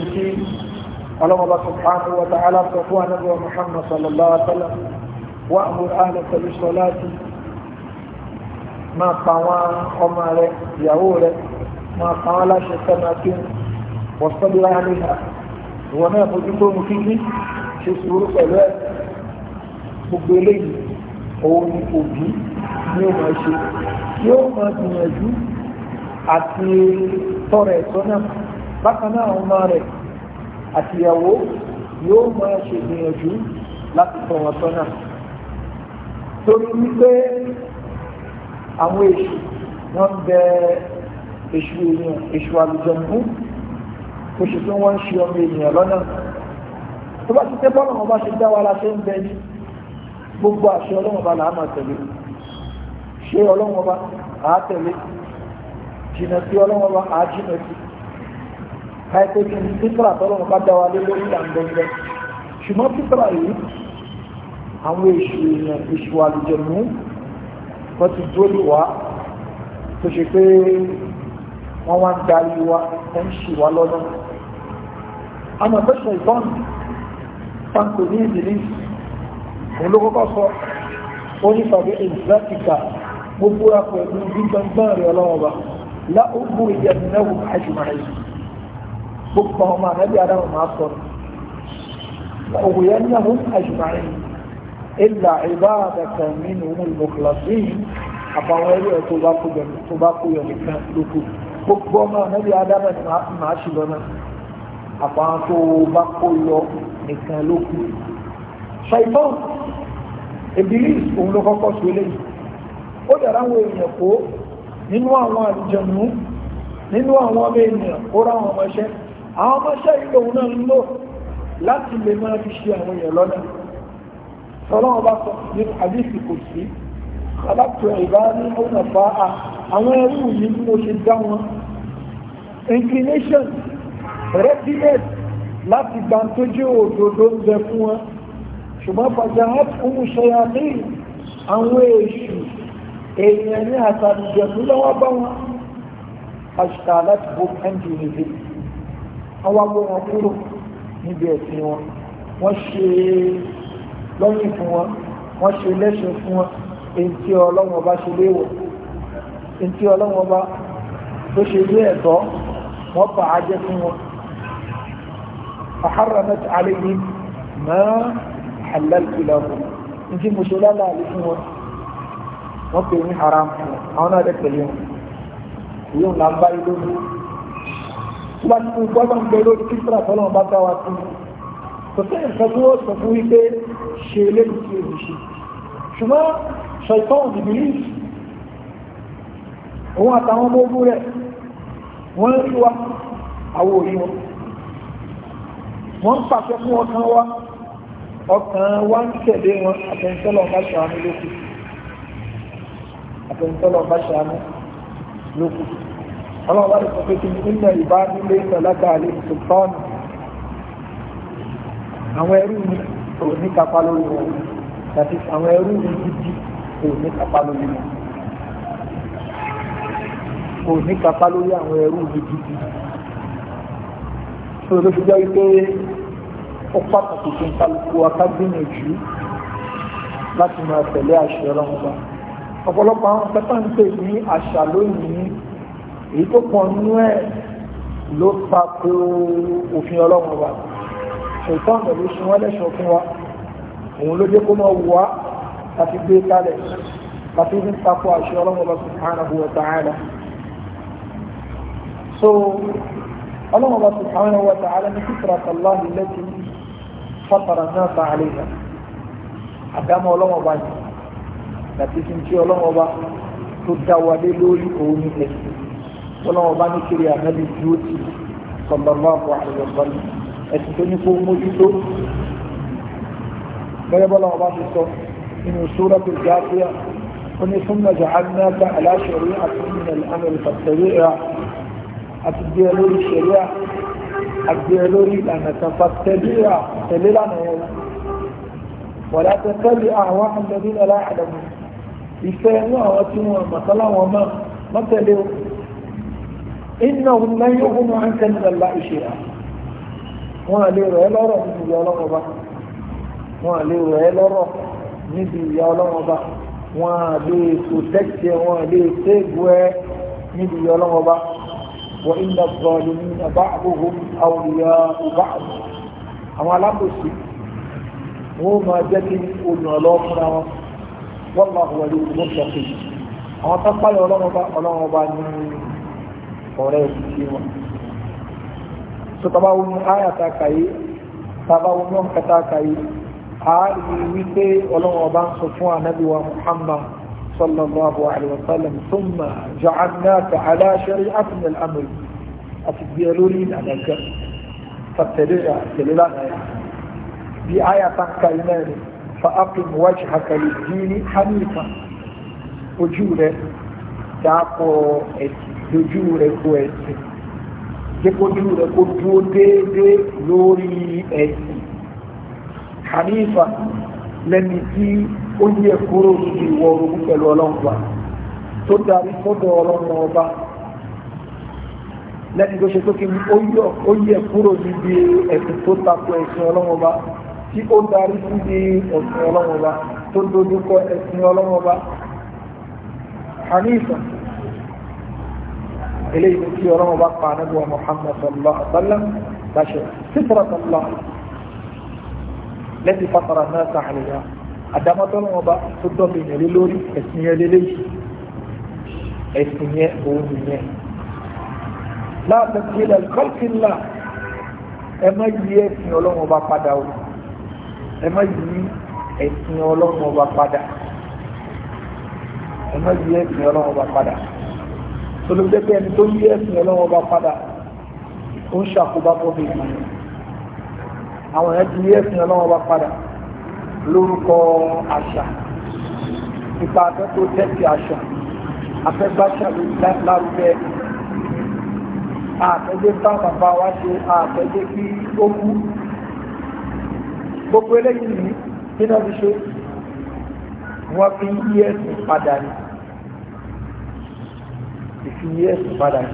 bá ọlọ́mọba subhanahu wa ta'ala sọ fún anábíwa muhammad sallallahu alaihi wa sallam wa amúr ààrẹ pẹ̀lú sọláàtì máa pa wọn ọmọ rẹ ìyàwó rẹ máa pa wọn láṣẹ sẹ́nà kí wọ́n sọ́dí láyé nígbà ìwọ náà fojú ọmọ rẹ̀ àti ìyàwó yóò máa ṣe ìgbìyànjú láti tọ̀ wọ́n sọ́nà torí wípé àwọn èṣù wọ́n bẹ èṣù èèyàn èṣù àlùjọ̀mú oṣù tí wọ́n ń ṣe ọmọ ènìyàn lọ́nà tó bá ti tẹ́ bọ́ọ̀lù wọn bá ṣe dá wa la ṣe ń bẹ ní gbogbo àṣẹ ọlọ́wọ́n bá làá máa tẹ̀lé ṣé ọlọ́wọ́n bá àá tẹ̀lé jìnà sí ọlọ́wọ́n bá àá jìnà sí káyipé kí ni fitra tọ́lọ́mù bá dá wa lé lórí ìdàgbẹ́gbẹ́ ṣùgbọ́n fitra yìí àwọn èṣù èèyàn èṣù àlùjẹ̀mú wọ́n ti dúró wá tó ṣe pé wọ́n wá ń darí wa ẹ̀ ń ṣì wá lọ́nà àmọ́ fẹ́ṣọ̀ ìbọn tanko ní ìdílé òun ló kọ́kọ́ sọ ó ní fàbí ìzàtìkà gbogbo àpò ẹ̀dùn gbígbọ́n gbọ́n rẹ̀ ọlọ́wọ́ bá láògbò ìyẹ̀dùn náà wò ájùmọ̀ àìsàn gbogbo ọmọ ànábì adamu máa sọ̀rọ̀ لأغوينهم أجمعين إلا عبادك منهم المخلصين àbáwọn ẹrú ẹ tó bá kó yọ tó bá kó yọ nìkan lóko gbogbo ọmọ ànábì adamu ni màá ṣì lọ náà àbáwọn tó bá kó yọ nìkan lóko. ṣàìtàn ìbílí òun ló kọ́kọ́ sí eléyìí ó yàrá àwọn èèyàn kó nínú àwọn àlùjànnú nínú àwọn ọmọ ènìyàn ó rá àwọn àwọn ọmọṣẹ́ ìlòun náà ń lò láti lè máa fi ṣe àwọn èèyàn lọ́nà ọlọ́run bá sọ ní àdífì kò sí alápẹ̀ ìbá ní ọ̀nà bá a àwọn ẹrú yìí bí mo ṣe dá wọn inclination readiness láti gbà tó jẹ́ òdodo ń bẹ fún wọn ṣùgbọ́n fàjà ọmọ ṣọya ní àwọn èṣù èèyàn ní àtàlùjẹ̀dú bá wọn àṣìkà láti bó pẹ́ńdì nìyí ọwọ́ mú wọn kúrò níbi ẹ̀sìn wọn wọ́n ṣe lọ́yìn fún wọn wọ́n ṣe lẹ́ṣẹ̀ fún wọn èyí tí ọlọ́run ọba ṣe léèwọ̀ èyí tí ọlọ́run ọba tó ṣe lé ẹ̀tọ́ wọ́n bà á jẹ́ fún wọn. فحرمت عليهم ما حللت لهم انت مشلالة لكم وقت يومي حرام أنا ذكر اليوم اليوم لعبا يدوم tó bá ti gbọ́dọ̀ ń bẹ lórí kíkúrà tọ́lọ́ bá dá wa sí kò sí nǹkan tí wọ́n sọ fún wípé ṣe eléyìí tí o ṣe ṣùgbọ́n ṣàìtàn ìbílí òun àtàwọn ọmọ ogun rẹ̀ wọ́n rí wa àwọn òrí wọn wọ́n ń pàṣẹ fún ọkàn wa ọkàn wa ń tẹ̀lé wọn àtẹnusọ́lọ̀ bá ṣàánú lókù àtẹnusọ́lọ̀ bá ṣàánú lókù ọlọ́wọ́ rẹ̀ sọ pé kí nínú ìbá nílé ìtọ́lágbà àlè sultan àwọn ẹrú mi ò ní kápá lórí wọn àti àwọn ẹrú mi gidi ò ní kápá lórí wọn ò ní kápá lórí àwọn ẹrú mi gidi tó ló fi jẹ́ wípé ó pàtàkì tó ń kálukú akágbìyànjú láti máa tẹ̀lé àṣẹ ọlọ́run ọ̀pọ̀lọpọ̀ àwọn pẹ́pà ń pè ní àṣà lónìí èyí tó pọ̀ nínú ẹ̀ ló tako òfin ọlọ́run wa ṣe wọ́n lẹ́ṣọ̀ fún wa òun ló jẹ́ kó máa wù wá láti gbé kalẹ̀ láti ní tako àṣẹ ọlọ́run wa so ọlọ́run wa subhanahu wa ta'ala ní fitrat Allah allati fatara an àdámọ́ ọlọ́run tí ọlọ́run tó dá wa lé lórí tọ́lọ́wọ́ bá ní kiri ànábi dúró tì sallallahu alaihi wasallam ẹ̀sìn tó ní kó mójútó gẹ́gẹ́ bọ́lá ọba ti sọ nínú suratul Jathiya ó ní thumma ja'alnaka ala shari'atin min al-amri fattabi'ha àti bí ẹ lórí ṣẹ̀ríà àti ẹ lórí ìlànà kan fattabi'ha tẹ̀lé lánàá yẹn wala tattabi' ahwa'a alladhina la ya'lamun ìfẹ́ inú àwọn tí wọ́n mọ̀tálá wọn mọ̀ mọ́tẹ̀lé o innahum lan yughnu anka min Allahi shay'a wọn àlè rẹ̀ lọ́rọ̀ níbi ìyá ọlọ́wọ́ bá wọn àlè rẹ̀ lọ́rọ̀ níbi ìyá ọlọ́wọ́ bá wọn àlè protect ẹ wọn àlè save ẹ níbi ìyá ọlọ́wọ́ bá wa inna adh-dhalimina ba'duhum awliya'u ba'd àwọn alákòóso wọn máa jẹ́ kí olùrànlọ́wọ́ fúnra wọn wọ́n máa wọlé ìmúṣọ́kì àwọn tó pálí ọlọ́wọ́ bá ọlọ́wọ́ bá ní ọ̀rẹ́ òṣìṣẹ́ wọn so taba wọnú àyà tá a kà yìí taba wọnú ọ̀nkà tá a kà yìí a rí wípé ọlọ́run ọba ń sọ fún anabi wa muhammad sallallahu alayhi wa sallam thumma ja'alnaka ala shari'atin min al-amr àti gbé lórí ìlànà kan fàtẹ̀lé àtẹ̀lé lánàá yìí bí àyà tá náà ni fa'aqim wajhaka lid-dini hanifa ojú rẹ̀ dáàpọ̀ ẹ̀sìn dojú rẹ̀ kó ẹ̀sìn jẹ́kọ́jú rẹ̀ kó dúró déédéé lórí ẹ̀sìn hanifa lẹ́ni tí ó yẹ kúrò níbi ìwọ orogún pẹ̀lú ọlọ́mọba tó darí fọ́dọ̀ ọlọ́mọ ọba lẹ́ni tó ṣe tó kí ó yẹ kúrò níbi ẹ̀sìn tó tako ẹ̀sìn ọlọ́mọba tí ó darí síbi ẹ̀sìn ọlọ́mọba tó dojúkọ ẹ̀sìn ọlọ́mọba hanifa eléyìí tí ọlọ́run bá pa ànábì wa muhammad sallallahu alaihi wa sallam láṣẹ fitrat allah lẹ́sìn fatara náà sàhàlìyà àdámọ́tọ́lọ́ wọn bá tó dọ́bì yẹn lé lórí ẹ̀sìn yẹn lélẹ́yìí ẹ̀sìn yẹn òun nìyẹn láàbẹ̀ tí ilẹ̀ kọ́lùkìlá ẹ má yí ẹ̀sìn ọlọ́run ọba padà o ẹ má yí ẹ̀sìn ọlọ́run ọba padà ẹ má yí ẹ̀sìn ọlọ́run ọba padà tolóòjẹ́ pé ẹni tó yí ẹ̀sìn ọlọ́wọ́ bá padà ó ń ṣàkóbá fún mi àwọn ẹ̀ ti yí ẹ̀sìn ọlọ́wọ́ bá padà lórúkọ àṣà ipa akẹ́kọ̀ọ́ tẹ́sí àṣà afẹ́gbàṣà lárúbẹ àtẹ́jẹ́ bá bàbá wa ṣe àtẹ́jẹ́ kí ó kú gbogbo eléyìí nínú fi ṣe wọ́n fi yí ẹ̀sìn padà ní بكيه بدن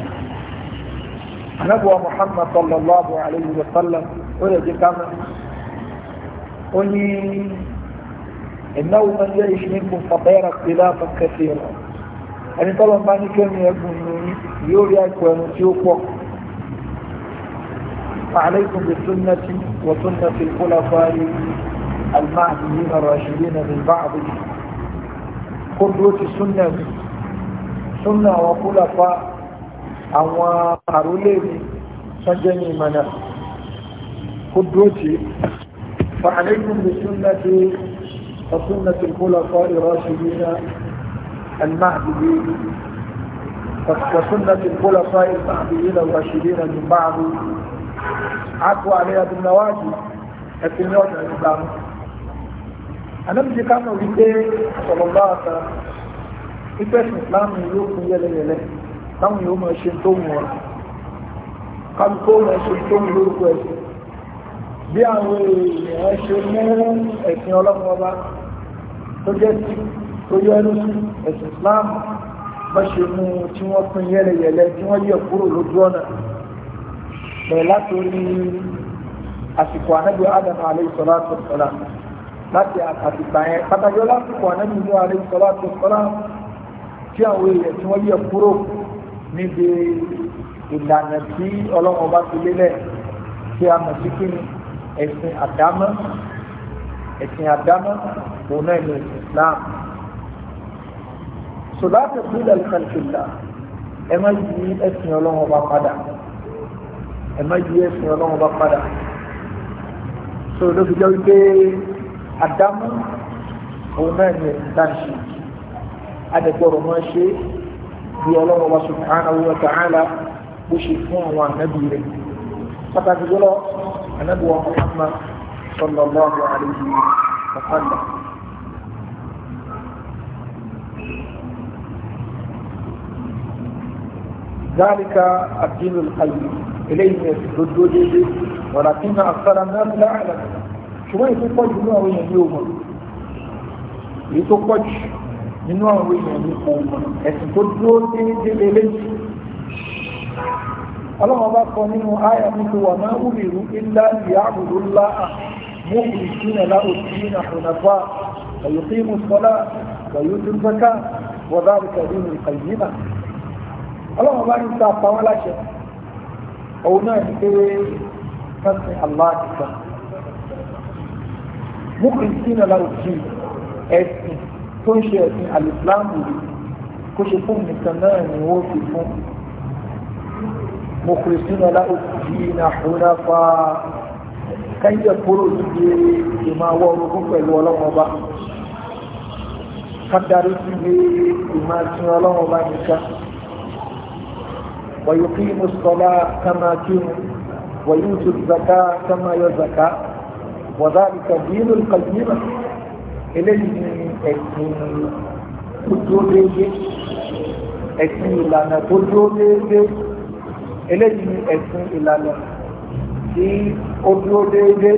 نبوة محمد صلى الله عليه وسلم ولا دي كما إنه من يعيش منكم فطير اختلافا كثيرا يعني طبعا ما نكلم يقول يوريا كوانو تيوكو فعليكم بسنة وسنة الخلفاء المعديين الراشدين من بعض قدوة السنة súnà àwọn kúlàfà àwọn àrólé mi sọ́jẹ́ ní ìmọ̀nà kó dúró tí fa'alaikun bi sunnati wa sunnati al-khulafa ar-rashidin al-mahdiyyin وسنة الخلفاء المهديين الراشدين من بعد عفوا عليها بالنواجذ لكن يوجد الإسلام أنا بجي كانوا بيتي صلى الله عليه وسلم ìfẹ́sùn ìsìláàmù yóò kún yẹ́lẹ́yẹ́lẹ́ táwọn yóò máa ṣe tó wù wọn kálukó máa ṣe tó wù lórúkọ ẹ̀sìn bí àwọn èèyàn ṣe mú ẹ̀sìn ọlọ́run ọba tó jẹ́ sí tó yọ ẹnu sí ẹ̀sìn ìsìláàmù bá ṣe mú tí wọ́n pín yẹ́lẹ́yẹ́lẹ́ tí wọ́n yẹ kúrò lójú ọ̀nà bẹ̀rẹ̀ látòrí àsìkò ànábì Ádámù alayhi salatu wassalam láti àtàtìgbà tí àwọn èèyàn tí wọ́n yẹ kúrò níbi ìlànà tí ọlọ́run bá fi lélẹ̀ tí a mọ̀ sí kí ni ẹ̀sìn àdámọ́ ẹ̀sìn àdámọ́ òun náà ní ẹ̀sìn Islam sọláàtì ìpínlẹ̀ ìfẹ̀lẹ̀fẹ̀lá ẹ má yí ẹ̀sìn ọlọ́run ọba padà ẹ má yí ẹ̀sìn ọlọ́run ọba padà sọ ló fi jẹ́ wípé àdámọ́ òun náà ní ẹ̀sìn táǹṣì adẹ̀gbọ́rọ̀ máa ṣe bí ọlọ́run wa subhanahu wa ta'ala bó ṣe fún àwọn ànábì rẹ̀ pàtàkì jọlọ ànábì wa Muhammad sallallahu alayhi wa sallam. ذلك الدين القيم إليه ضد وجهه ولكن أكثر الناس لا يعلم شو ما يتوقع جميع يوم يتوقع nínú àwọn èèyàn ní kò ẹ̀sìn tó dúró déédéé lélẹ́yìn ọlọ́wọ́n bá kọ nínú àyà nínú wà máa wù ìrú ilá ìyá àbúrú ńlá mọ́kù ìsúnà láòsí nà ọ̀nàfà ọ̀yọ̀kí mùsọ́lá ọ̀yọ̀kí zaka wọ̀dá àbùkàdé ní ìkàyínà ọlọ́wọ́n bá ní ta pàwọn láṣẹ òun náà ní pé kásì aláàkìta mọ́kù ìsúnà láòsí ẹ̀sìn tó ń ṣe ẹ̀sìn alìsíláàmù kó ṣe fún nìkan náà ni wọ́n fi fún mukhlisina la òkùnjìnà hunafa káyọ̀ kúrò níbi ìmáwọ́ orogún pẹ̀lú ọlọ́wọ́ bá kádàrí síbi ìmáṣin ọlọ́wọ́ bá nìkan ويقيم الصلاة كما كن ويؤتي الزكاة كما يزكى وذلك دين القيمة eléyìí ni ẹ̀sìn tó dúró déédéé ẹ̀sìn ìlànà tó dúró déédéé eléyìí ni ẹ̀sìn ìlànà tí ó dúró déédéé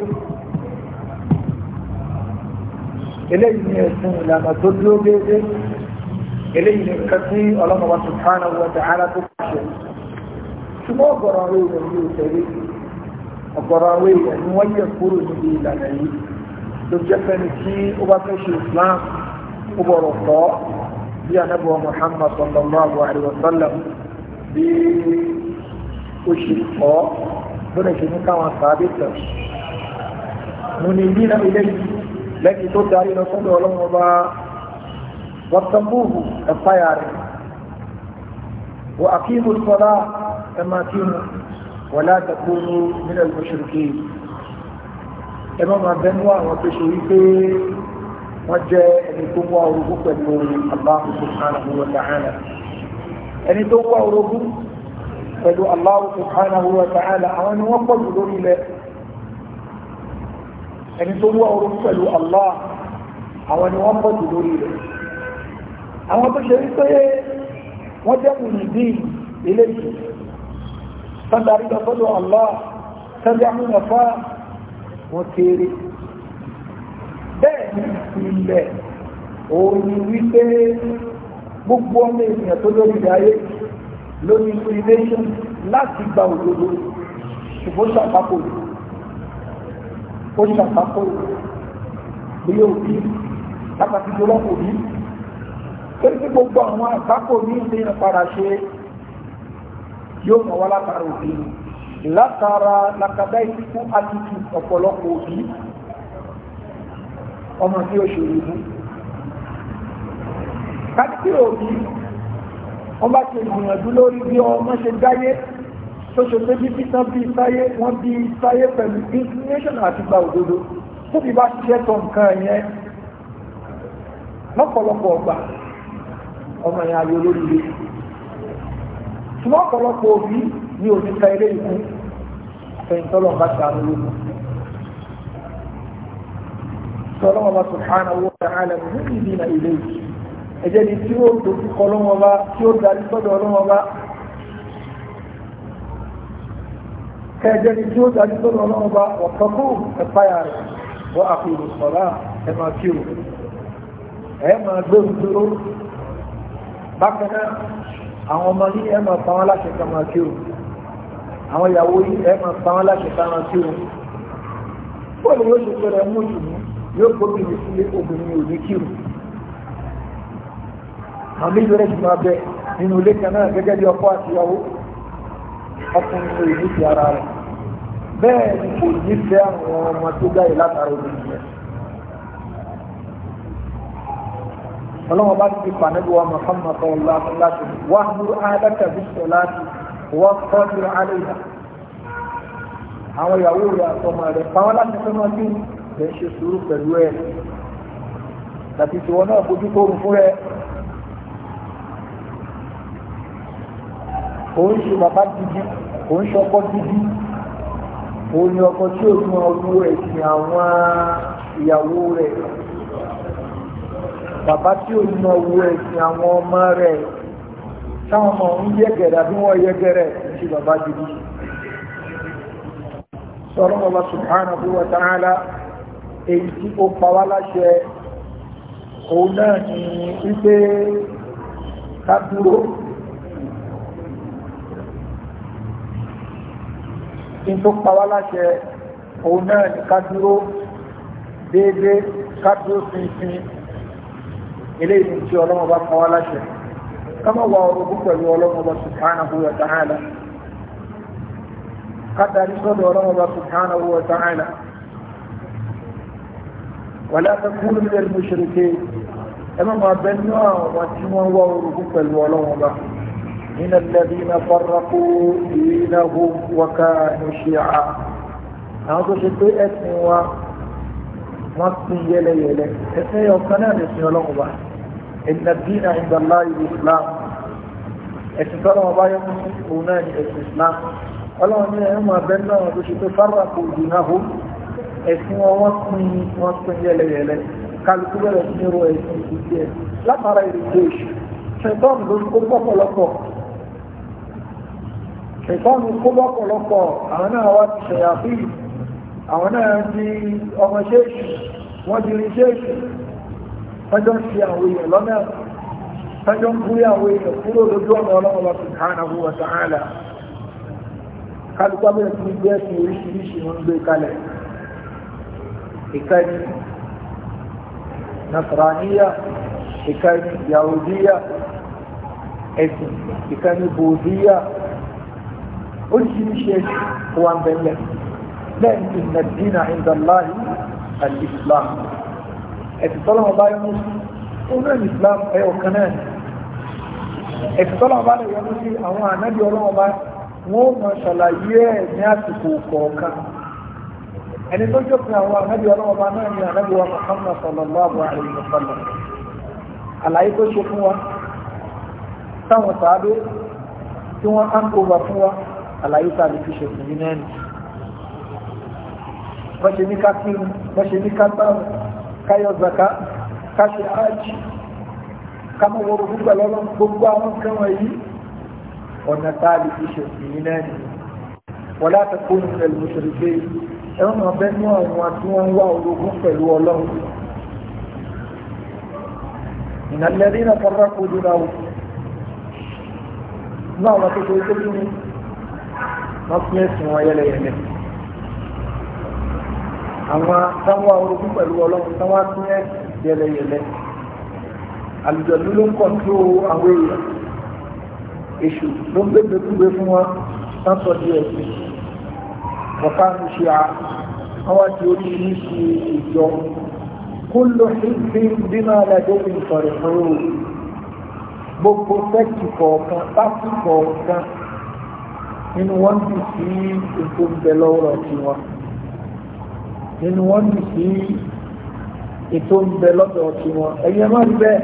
eléyìí ni ẹ̀sìn ìlànà tó dúró déédéé eléyìí ni nǹkan tí ọlọ́mọba subhanahu wa ta'ala tó kọ̀ṣẹ́ ṣùgbọ́n ọ̀gọ̀rọ̀ àwọn èèyàn yóò tẹ̀lé ọ̀gọ̀rọ̀ àwọn èèyàn ni wọ́n yẹ kúrò níbi ìlànà yìí ló jẹ́ fẹ́ni tí ó bá fẹ́ ṣe islam ó bọ̀rọ̀ kọ́ bí anábọ̀ muhammad sallallahu alaihi wa sallam bí ó ṣe kọ́ bọ́dẹ̀ ṣe ní káwọn sàábì tẹ̀ mo ní ilé náà ilé yìí lẹ́yìn tó darí lọ sọ́dọ̀ ọlọ́run ọba wọ́tàmúhù ẹ̀fáyà rẹ̀ wọ́n àkíyèmọ̀ sọ́dá ẹ̀ máa kí mu wọ́lá tẹ̀kọ́ ní mílẹ̀ ìmọ̀ṣẹ̀rẹ̀kẹ́ yìí ẹ má máa bẹ́nu àwọn tó ṣe wípé wọ́n jẹ́ ẹni tó wá orogún pẹ̀lú Allah subhanahu wa ta'ala ẹni tó wá orogún pẹ̀lú Allah subhanahu wa ta'ala àwọn ni wọ́n pọ̀jù lórí ilẹ̀ ẹni tó wá orogún pẹ̀lú Allah àwọn lórí ilẹ̀ àwọn tó ṣe wípé wọ́n jẹ́ mùnìdí ilé ìtù sọ́dọ̀ àríkà sọ́dọ̀ Allah sọ́dọ̀ wọ́n kéré bẹ́ẹ̀ ni ilẹ̀ òun ni wípé gbogbo ọmọ ènìyàn tó lórí ayé ló ní inclination láti gba òdodo ṣùgbọ́n ṣàpapọ̀ ó ṣàpapọ̀ bí yóò bí lápapọ̀ tó lọ́pọ̀ bí pé kí gbogbo àwọn àpapọ̀ ní ìlú padà ṣe yóò mọ̀ wá látara òbí látara lakada ìfún àtìkù ọ̀pọ̀lọpọ̀ òbí ọmọ tí ó ṣe ìlú káàkiri òbí wọ́n bá ti gbìyànjú lórí bí ọmọ ṣe dáyé tó ṣe pé bí títán bí sáyé wọ́n bí sáyé pẹ̀lú information àti gba òdodo tó fi bá ṣiṣẹ́ tó nǹkan yẹn lọ́pọ̀lọpọ̀ ọgbà ọmọ yẹn ayé olóríire ṣùgbọ́n ọ̀pọ̀lọpọ̀ òbí ní òní ka ilé ìkú fẹ̀yìntọ́lọ̀ bá ṣàánú lóko. sọlọ́ wọn bá subhanahu wa ta'ala ní ìdí na ilé ìkú ẹ̀jẹ̀ ni tí ó dojú kọ lọ́wọ́ bá tí ó darí sọ́dọ̀ lọ́wọ́ bá kẹjẹ ni tí ó darí sọ́dọ̀ lọ́wọ́ bá ọ̀kọ́kọ́ ẹ̀fáyà rẹ̀ wọ́n àfihàn sọ̀rọ̀ ẹ̀ máa kí o ẹ̀ máa gbé òdúró bákan náà àwọn ọmọ ní ẹ̀ máa pa wọn láṣẹ ká máa kí o àwọn ìyàwó yìí ẹ máa pa wọn láti sára sí wọn bọ́ọ̀lù yóò ṣe fẹ́rẹ̀ mú jù mú yóò gbóbìnrin sílé obìnrin ò ní kírun àwọn méjì rẹ̀ jù máa bẹ nínú ilé kan náà gẹ́gẹ́ bí ọkọ àti ìyàwó ọkùnrin ò ní ti ara rẹ̀ bẹ́ẹ̀ ni kò ní fẹ́ àwọn ọmọ tó gáyé látara obìnrin rẹ̀ ọlọ́wọ́n bá ti di pàdánù wa Muhammad sallallahu alaihi wa sallam wàhálù adákàbí sọ̀láàtì والصبر عليها àwọn ìyàwó rẹ̀ àtọmọ rẹ̀ pàwọn láti fẹ́ máa bí rẹ̀ ṣe sùúrù pẹ̀lú ẹ̀ àti tiwọn náà fojú kóòrù fún rẹ̀ òun ṣe bàbá gidi òun ṣe ọkọ gidi òun ni ọkọ tí òun máa wo ẹ̀sìn àwọn ìyàwó rẹ̀ bàbá tí òun máa wo ẹ̀sìn àwọn ọmọ rẹ̀ táwọn ọmọ ń yẹ́gẹ̀rẹ̀ àbí wọ́n yẹ́gẹ̀rẹ̀ ṣe bàbá jìbí sọ̀rọ̀ Allah subhanahu wa ta'ala èyí tí ó pàwá láṣẹ òun náà ni wípé ká dúró kí n tó pàwá láṣẹ òun náà ni ká dúró déédéé ká dúró fínfín eléyìí tí ọlọ́mọba pàwá láṣẹ kama wà orogún pẹ̀lú ọlọ́mọba subhanahu wa ta'ala kátàrí sọ́dọ̀ ọlọ́mọba subhanahu wa ta'ala wà látàkùnrin lẹ́nu mushrikeen ẹmọ máa bẹ ní àwọn tí wọ́n wá orogún pẹ̀lú ọlọ́mọba من الذين فرقوا دينهم وكانوا شيعا àwọn tó ṣe pé ẹ̀sìn wa wọ́n pín yẹlẹyẹlẹ ẹ̀sìn ọ̀kan náà lè sin ọlọ́run báyìí إن الدين عند الله الإسلام اتفروا بايهم أولان الإسلام الله أن أما بينهم بش تفرقوا دينهم اسمه وطني وطني يلي يلي قالوا كبير اسمه اسمه كبير لا ترى الجيش شيطان بالقرب وقلقه ṣẹ̀tọ́nù kó lọ́pọ̀lọpọ̀ àwọn náà wá ti ṣẹ̀yà fíì àwọn náà di fẹjọ́ ń ṣe àwọn èèyàn lọ́nà fẹjọ́ ń kúrẹ́ àwọn èèyàn kúrò lójú ọ̀nà ọlọ́mọlá subhanahu wa ta'ala kálukọ́ bẹ̀rẹ̀ sí gbé ẹ̀sìn oríṣiríṣi ń gbé kalẹ̀ ìkànnì nasaraniya ìkànnì yahudiya ẹ̀sìn ìkànnì bòdíyà oríṣiríṣi ẹ̀sìn wà ń bẹ̀lẹ̀ lẹ́yìn ìnàdínà ìdàláyé àti ìsìlámù ẹ̀sìn tọ́lọ́mọ bá yọ́nú sí òun náà ní Islam ẹ̀ ọ̀kan náà ni ẹ̀sìn tọ́lọ́mọ bá lè yọ́nú sí àwọn ànábì ọlọ́mọ bá wọn ò mọ ṣàlàyé ẹ̀ ní àsìkò kọ̀ọ̀kan ẹni tó jókòó àwọn ànábì ọlọ́mọ bá náà ni ànábì wa Muhammad sallallahu alaihi wa sallam àlàyé tó ṣe fún wa táwọn sàádó tí wọ́n á ń kó wa fún wa àlàyé tá a lè fi ṣètò yìí náà ni wọ́n ṣe ní ká kírun wọ́n ṣe ní ká gbárùn káyọ̀ zaka káṣe ájì kámọ̀ wọ́n gbogbo lọ́lọ́ gbogbo àwọn nǹkan wọ̀nyí ọ̀nà tá a lè fi ṣe ìyìn náà ni wọ́n láti kó ní pẹ̀lú mùsùlùmí ẹ̀rùn ọ̀bẹ ní àwọn tí wọ́n ń wá o náà wọ́n tó tó tó kí ni wọ́n fi ẹ̀sìn wọn àwọn táwọn orogún pẹ̀lú ọlọ́run táwọn tún yẹ yẹlẹyẹlẹ àlùjọ̀lú ló ń kọ́ tó àwọn èèyàn èṣù ló ń gbégbé gbígbé fún wọn sáńsọ díẹ̀ sí ọ̀ká ń ṣe à wọ́n wá di orí ní sí ìjọ kúlò ṣíṣí dínà aládéhùn ìsọ̀rọ̀ fúnrú gbogbo sẹ́ẹ̀kì kọ̀ọ̀kan pápí kọ̀ọ̀kan nínú wọ́n ti sí ètò ìbẹ̀lọ́rọ̀ tiwọn nínú wọn nì sí ètò ń bẹ lọ́dọ̀ ọtí wọn ẹ̀yin ẹ̀ má rí bẹ́ẹ̀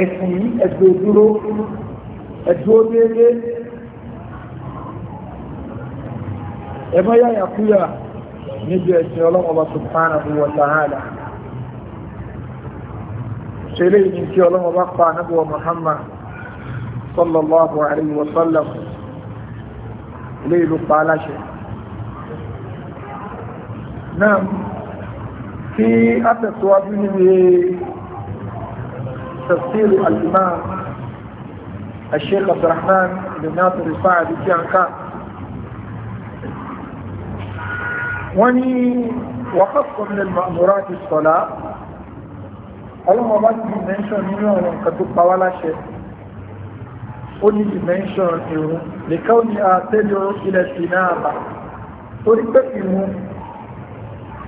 ẹ̀sìn yìí ẹ̀gbẹ́ e dúró ẹ̀dúró déédéé ẹ̀ má yáyà kúyà níbi ẹ̀sìn ọlọ́mọba subhanahu wa ta'ala ṣeré ní kí ọlọ́mọba pa anábọ̀ Muhammad sallallahu alayhi wa sallam ilé ìlú pa aláṣẹ náà tí a tẹ̀síwájú níbi tafsir al-imam الشيخ عبد الرحمن بن ناصر الساعدي في عنكار وني وخص من المأمورات الصلاة المرات dimension منه قد طوال شيء وني dimension لكونها تدعو إلى الإنابة ولكنه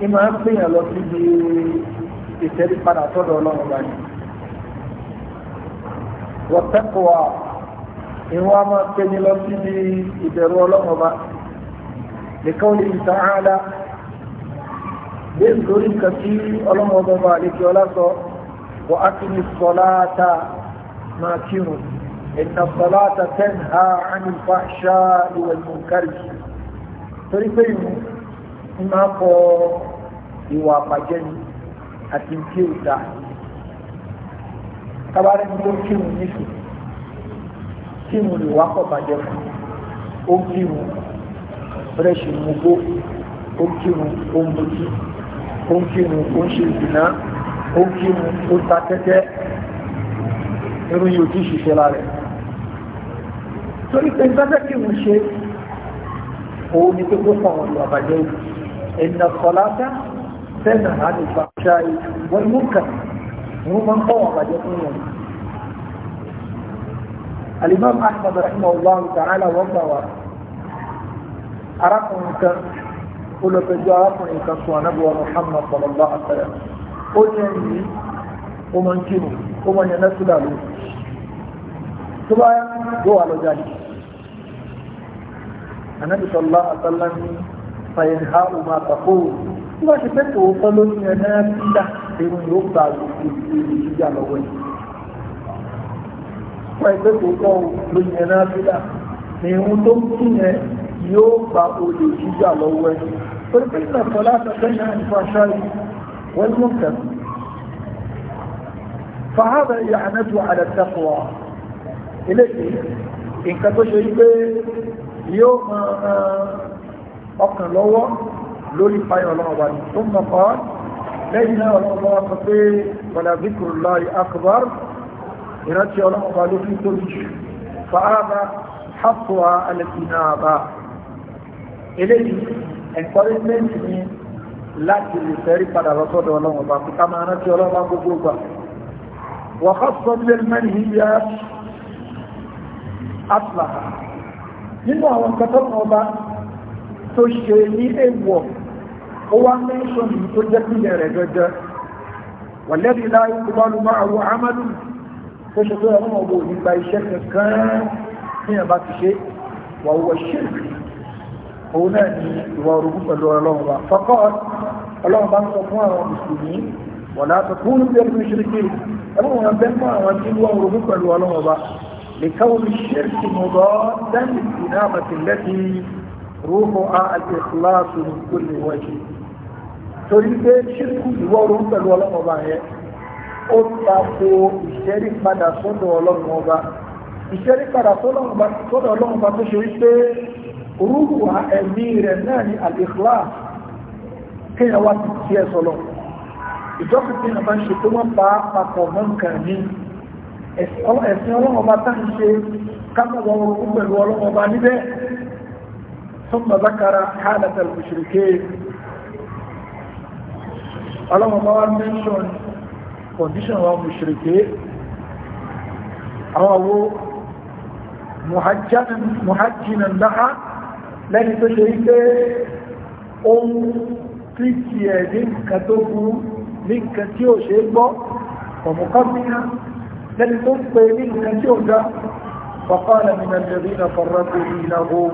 ní máa ń pèèyàn lọ síbi ìtẹ́rí padà sọ́dọ̀ ọlọ́run bá ní. wọ́tẹ́kọ̀ọ́ ìwọ́n a máa pèèyàn lọ síbi ìbẹ̀rù ọlọ́run bá nìkan lè ta ààlà bẹ́ẹ̀ lórí nǹkan tí ọlọ́run bá lè fi ọlá sọ wọ́n á ti ní sọ́lá ta máa kírun. إن الصلاة تنهى عن الفحشاء والمنكر. طريقين ń máa kọ ìwà àpàjẹ́ ni àti tí ò dá kábàárẹ̀ ní ó kírun níṣù kírun lè wá pọ̀ bàjẹ́ fún ó kírun rẹ̀ ṣì mú gbó ó kírun ó ń bójú ó ń kírun ó ń ṣe ìdìná ó kírun ó ta tẹ́tẹ́ irú yóò tí ṣiṣẹ́ lára ẹ̀ torí pé ń tẹ́tẹ́ kírun ṣe òun ni pé kó fún àwọn ìwà àbàjẹ́ òkú إن الصلاة تنهى عن الفحشاء والمنكر هو من قوم جميعا الإمام أحمد رحمه الله تعالى وضوى أراكم قل تجاهكم إن كسوى نبوى محمد صلى الله عليه وسلم قل ومن كنوا ومن ينسل له سبايا هو على ذلك النبي صلى الله عليه وسلم فينهار ما تقول واحدته صل ينام تحقر يقطع الشجاع الاول واحدته صل ينام نيوتو كنا يوبا أولي شجاع الأول فإن الصلاة تنهى الفاشل والمنكر فهذا إعانة على التقوى إليك إن كتو شريك يوم ọkàn lọ́wọ́ lórí fáyọ̀ ọlọ́run ọba tó mọ̀ pa lẹ́yìn náà ọlọ́run ọba sọ pé wàlá zikru láì akbar ìrántí ọlọ́run ọba ló fi tóbi jù fàábà hapùwà alẹ́sìnà àbá eléyìí encouragement ni láti lè fẹ́rí padà lọ́sọ́dọ̀ ọlọ́run ọba kí tó ṣe ní èèwọ̀ ó wá mẹ́ṣọ́ ní tó jẹ́ pílẹ̀ rẹ̀ gẹ́gẹ́ wàlẹ́bí láì kúbálù máa wọ amadu tó ṣe tó ẹ̀rọ ọmọ ìgbà iṣẹ́ kankan ní ẹ̀bá ti ṣe wà wọ ṣírkì òun náà ni ìwà orúkú pẹ̀lú ọlọ́run wa fọ́kọ́ ọlọ́run bá ń sọ fún àwọn mùsùlùmí wọ̀n láti روحها الإخلاص من كل وجه تريد شرك يورون بالولا مباهي ó tako ìṣẹ́rí padà sọ́dọ̀ ọlọ́run ọba ìṣẹ́rí padà sọ́dọ̀ ọlọ́run ọba tó ṣe wípé orúkú ẹ̀mí rẹ̀ náà ni àdìkláà kéèyàn wá ti tí ẹ sọ́lọ̀ ìjọ́kù tí wọ́n bá ń ṣe tó wọ́n pa papọ̀ mọ́ nǹkan ní ẹ̀sìn ọlọ́run ọba tá ń ṣe kámọ̀wọ́ orúkú pẹ̀lú ọlọ́run ọba ثم ذكر حالة المشركين اللهم ما mention condition of mushrike awo muhajjanan muhajjinan laha lẹ́ni tó ṣe wípé ohun tí ti ẹ̀ ní nǹkan tó burú ní nǹkan tí ó ṣe gbọ́ ọmọkọ́mìnà lẹ́ni tó ń pè ní nǹkan tí ó ga فقال من الذين فرقوا دينهم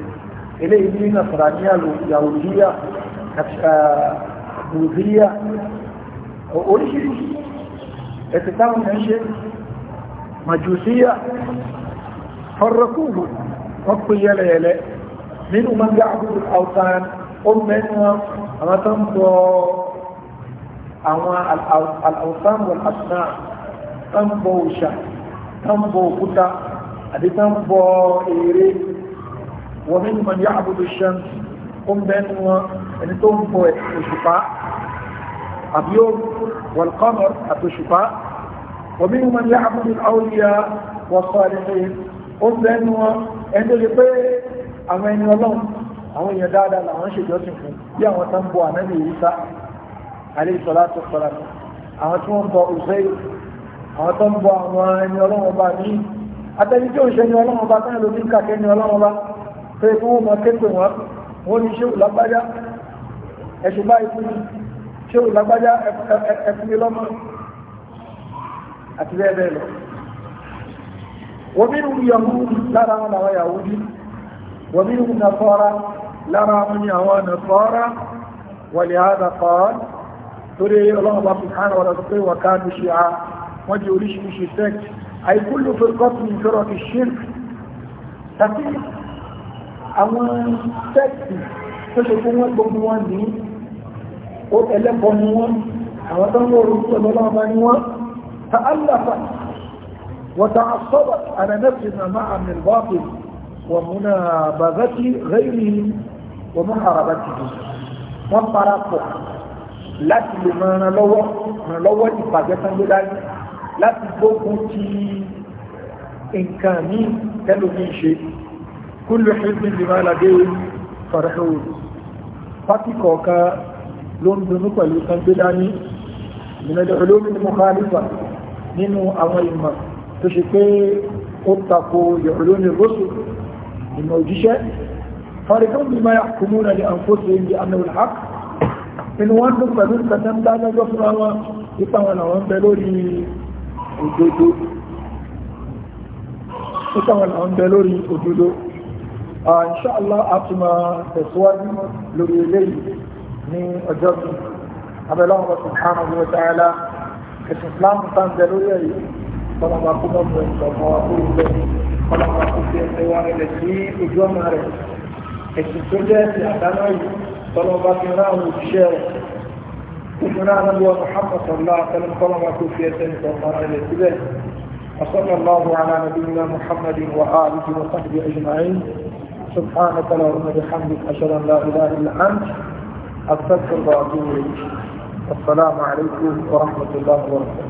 eléyìí ní nasaraniya yahudiya buziya oríṣiríṣi ẹ̀sìn táwọn yẹn ṣe majusiya farrakúlù wọ́n pè yẹlẹyẹlẹ nínú man ya'budu al-awthan ó mẹ́nu àwọn tó ń bọ àwọn al-awthan wal tó ń bọ òṣà tó ń bọ òkúta àti tó ń bọ èrè ومن من يعبد الشمس قم بأنه أنتم الشفاء اليوم والقمر الشفاء ومن من يعبد الأولياء والصالحين قم بأنه أنت لقي أمين الله àwọn èèyàn dáadáa làwọn ń ṣèjọsìn fún bí àwọn tó ń bọ ànábì ìrísà alayhi salatu wassalam àwọn tí wọ́n ń bọ Uzair àwọn tó ń bọ àwọn ẹni ọlọ́wọ́n bá ní àtẹni tí ó ń ṣe ni ọlọ́wọ́n bá tán lórí kàkẹ́ ni ọlọ́wọ́n bá tó ikú wọn mọ kéèkó wọn wọn ní ṣéwù lágbájá ẹ̀ṣù báyìí fún mi ṣéwù lágbájá ẹ̀fún mi lọ́mọ àti bẹ́ẹ̀ bẹ́ẹ̀ lọ. wọ́n bí nínú lára wọn làwọn Yahudi wọ́n bí nínú Nasara lára wọn ni àwọn Nasara ولهذا قال تري الله سبحانه وتعالى وكانوا شيعا وجه ليش مش سك أي كل فرقة من فرق الشرك تقيم àwọn sẹ́ẹ̀tì tó ṣe fún wọn gbogbo wọn ní ó ẹlẹ́kọ̀ọ́ ni wọn àwọn tó ń wọ orúkú ọlọ́wọ́ bá ní wọn ta allafa wata asọ́bà àrẹ́nẹ́sì nàmá àmì bọ́ọ̀bì wọ́n múná bàbátì rẹ́yìn wọ́n mú àràbátì wọ́n parapọ̀ láti lè máa ran lọ́wọ́ ran lọ́wọ́ ìbàjẹ́ tán láti gbógun ti nǹkan míì tẹ́lómi kúlù ṣíṣin bí máa làdé farahun pàtí kọ̀ọ̀kan ló ń dunú pẹ̀lú sangbé dání ìrìnàjò olómi mukhalifa nínú àwọn ìmọ̀ tó ṣe pé ó tako yọ̀rọ̀lómi rọ́sù ìmọ̀ òjíṣẹ́ farahun bí máa kùmú na ní àǹfóso ìdí anáwó haq inú wọn dún pẹ̀lú ìtàn dájọ́ fún àwọn ipa wọn آه، ان شاء الله اطمع تسواني لولي من اجابي اما الله سبحانه وتعالى كسلام كان ضروري فلا ما كنا من تفاقل به فلا ما كنا في الحيوان الذي اجوان عليه كسلام جاتي اعتنعي فلا ما كنا هو الشارع كنا نبوى محمد صلى الله عليه وسلم فلا ما كنا في الحيوان الذي اجوان عليه وصلى الله على نبينا محمد وآله وصحبه أجمعين سبحانك اللهم بحمدك أشهد أن لا إله إلا أنت أستغفرك وأتوب إليك السلام عليكم ورحمة الله وبركاته